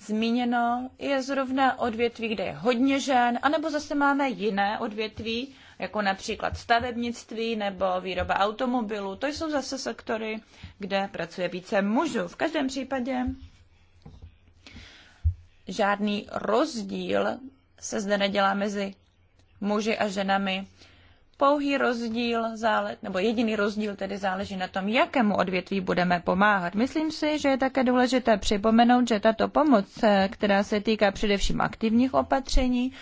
zmíněno, je zrovna odvětví, kde je hodně žen, anebo zase máme jiné odvětví, jako například stavebnictví nebo výroba automobilů. To jsou zase sektory, kde pracuje více mužů. V každém případě žádný rozdíl se zde nedělá mezi muži a ženami. Pouhý rozdíl, zále, nebo jediný rozdíl tedy záleží na tom, jakému odvětví budeme pomáhat. Myslím si, že je také důležité připomenout, že tato pomoc, eh, která se týká především aktivních opatření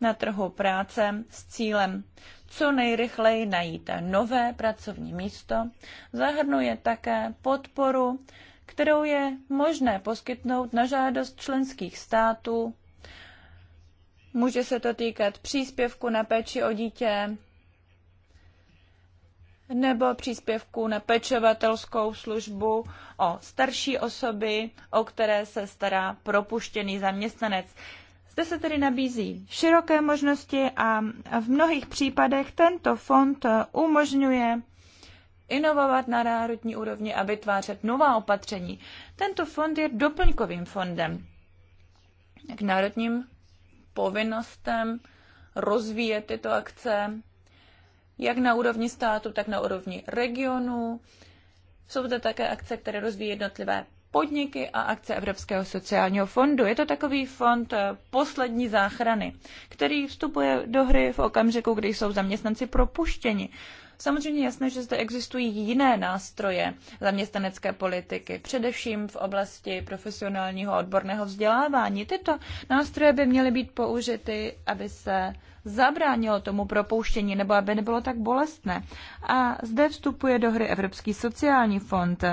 na trhu práce s cílem co nejrychleji najít nové pracovní místo, zahrnuje také podporu kterou je možné poskytnout na žádost členských států. Může se to týkat příspěvku na péči o dítě nebo příspěvku na pečovatelskou službu o starší osoby, o které se stará propuštěný zaměstnanec. Zde se tedy nabízí široké možnosti a v mnohých případech tento fond umožňuje inovovat na národní úrovni a vytvářet nová opatření. Tento fond je doplňkovým fondem k národním povinnostem rozvíjet tyto akce, jak na úrovni státu, tak na úrovni regionu. Jsou to také akce, které rozvíjí jednotlivé podniky a akce Evropského sociálního fondu. Je to takový fond eh, poslední záchrany, který vstupuje do hry v okamžiku, kdy jsou zaměstnanci propuštěni. Samozřejmě jasné, že zde existují jiné nástroje zaměstnanecké politiky, především v oblasti profesionálního odborného vzdělávání. Tyto nástroje by měly být použity, aby se zabránilo tomu propouštění nebo aby nebylo tak bolestné. A zde vstupuje do hry Evropský sociální fond.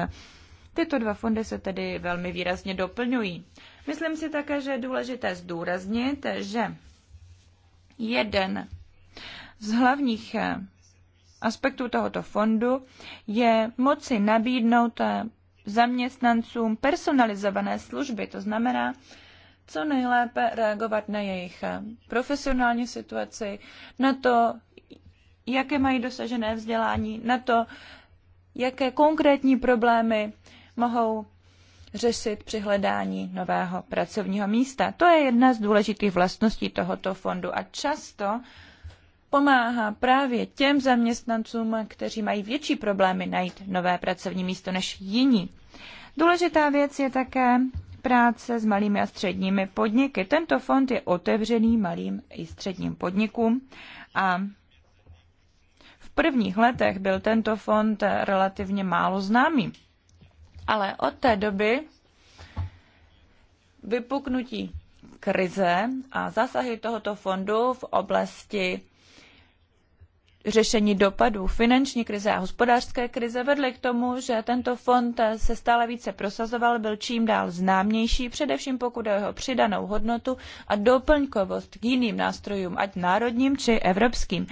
Tyto dva fondy se tedy velmi výrazně doplňují. Myslím si také, že je důležité zdůraznit, že jeden z hlavních aspektů tohoto fondu je moci nabídnout eh, zaměstnancům personalizované služby, to znamená co nejlépe reagovat na jejich eh, profesionální situaci, na to, jaké mají dosažené vzdělání, na to, jaké konkrétní problémy mohou řešit při hledání nového pracovního místa. To je jedna z důležitých vlastností tohoto fondu a často pomáhá právě těm zaměstnancům, kteří mají větší problémy najít nové pracovní místo než jiní. Důležitá věc je také práce s malými a středními podniky. Tento fond je otevřený malým i středním podnikům a v prvních letech byl tento fond relativně málo známý. Ale od té doby vypuknutí krize a zasahy tohoto fondu v oblasti řešení dopadů finanční krize a hospodářské krize vedly k tomu, že tento fond se stále více prosazoval, byl čím dál známější, především pokud o jeho přidanou hodnotu a doplňkovost k jiným nástrojům, ať národním či evropským.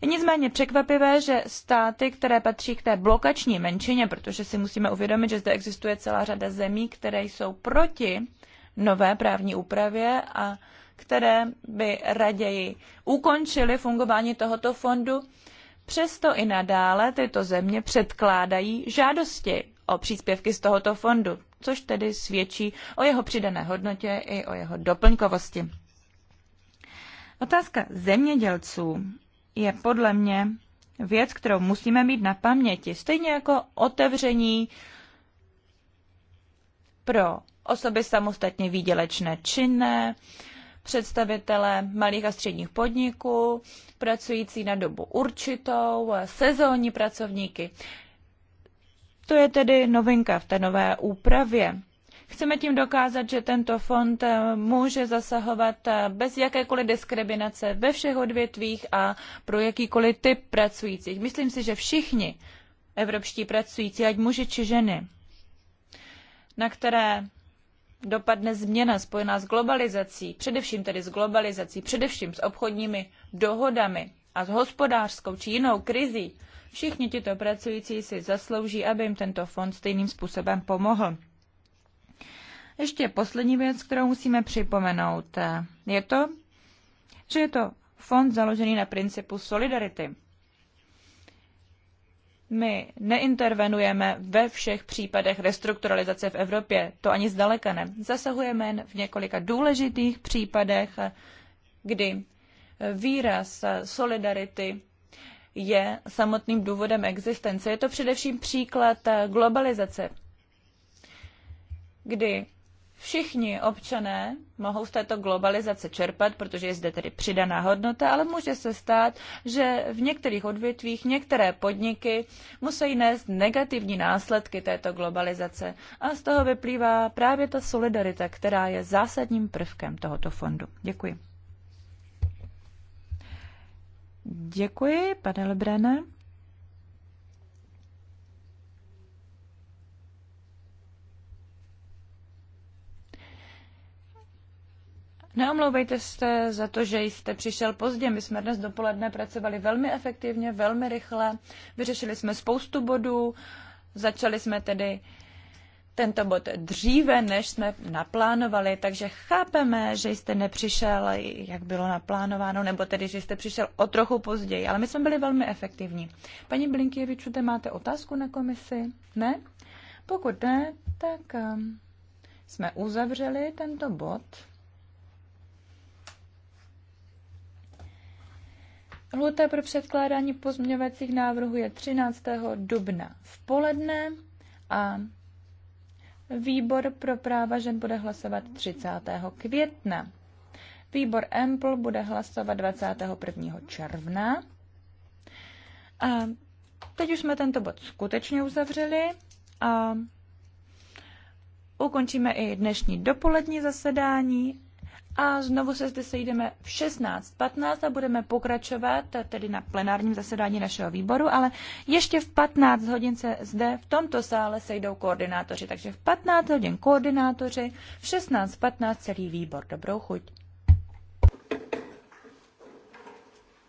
Je nicméně překvapivé, že státy, které patří k té blokační menšině, protože si musíme uvědomit, že zde existuje celá řada zemí, které jsou proti nové právní úpravě a které by raději ukončily fungování tohoto fondu, přesto i nadále tyto země předkládají žádosti o příspěvky z tohoto fondu, což tedy svědčí o jeho přidané hodnotě i o jeho doplňkovosti. Otázka zemědělců je podle mě věc, kterou musíme mít na paměti, stejně jako otevření pro osoby samostatně výdělečné činné, představitelé malých a středních podniků, pracující na dobu určitou, sezónní pracovníky. To je tedy novinka v té nové úpravě. Chceme tím dokázat, že tento fond eh, může zasahovat eh, bez jakékoliv diskriminace ve všech odvětvích a pro jakýkoliv typ pracujících. Myslím si, že všichni evropští pracující, ať muži či ženy, na které dopadne změna spojená s globalizací, především tedy s globalizací, především s obchodními dohodami a s hospodářskou či jinou krizí, všichni tito pracující si zaslouží, aby jim tento fond stejným způsobem pomohl. Ještě poslední věc, kterou musíme připomenout, je to, že je to fond založený na principu solidarity. My neintervenujeme ve všech případech restrukturalizace v Evropě, to ani zdaleka ne. Zasahujeme jen v několika důležitých případech, kdy výraz solidarity je samotným důvodem existence. Je to především příklad globalizace, kdy všichni občané mohou z této globalizace čerpat, protože je zde tedy přidaná hodnota, ale může se stát, že v některých odvětvích některé podniky musí nést negativní následky této globalizace a z toho vyplývá právě ta solidarita, která je zásadním prvkem tohoto fondu. Děkuji. Děkuji, pane Lebrene. Neomlouvejte se za to, že jste přišel pozdě. My jsme dnes dopoledne pracovali velmi efektivně, velmi rychle. Vyřešili jsme spoustu bodů. Začali jsme tedy tento bod dříve, než jsme naplánovali, takže chápeme, že jste nepřišel, jak bylo naplánováno, nebo tedy, že jste přišel o trochu později, ale my jsme byli velmi efektivní. Paní te máte otázku na komisi? Ne? Pokud ne, tak ehm, jsme uzavřeli tento bod. Lhuta pro předkládání pozměňovacích návrhů je 13. dubna v poledne a výbor pro práva žen bude hlasovat 30. května. Výbor EMPL bude hlasovat 21. června. A teď už jsme tento bod skutečně uzavřeli a ukončíme i dnešní dopolední zasedání a znovu se zde sejdeme v 16.15 a budeme pokračovat tedy na plenárním zasedání našeho výboru, ale ještě v 15 hodin se zde v tomto sále sejdou koordinátoři. Takže v 15 hodin koordinátoři, v 16.15 celý výbor. Dobrou chuť.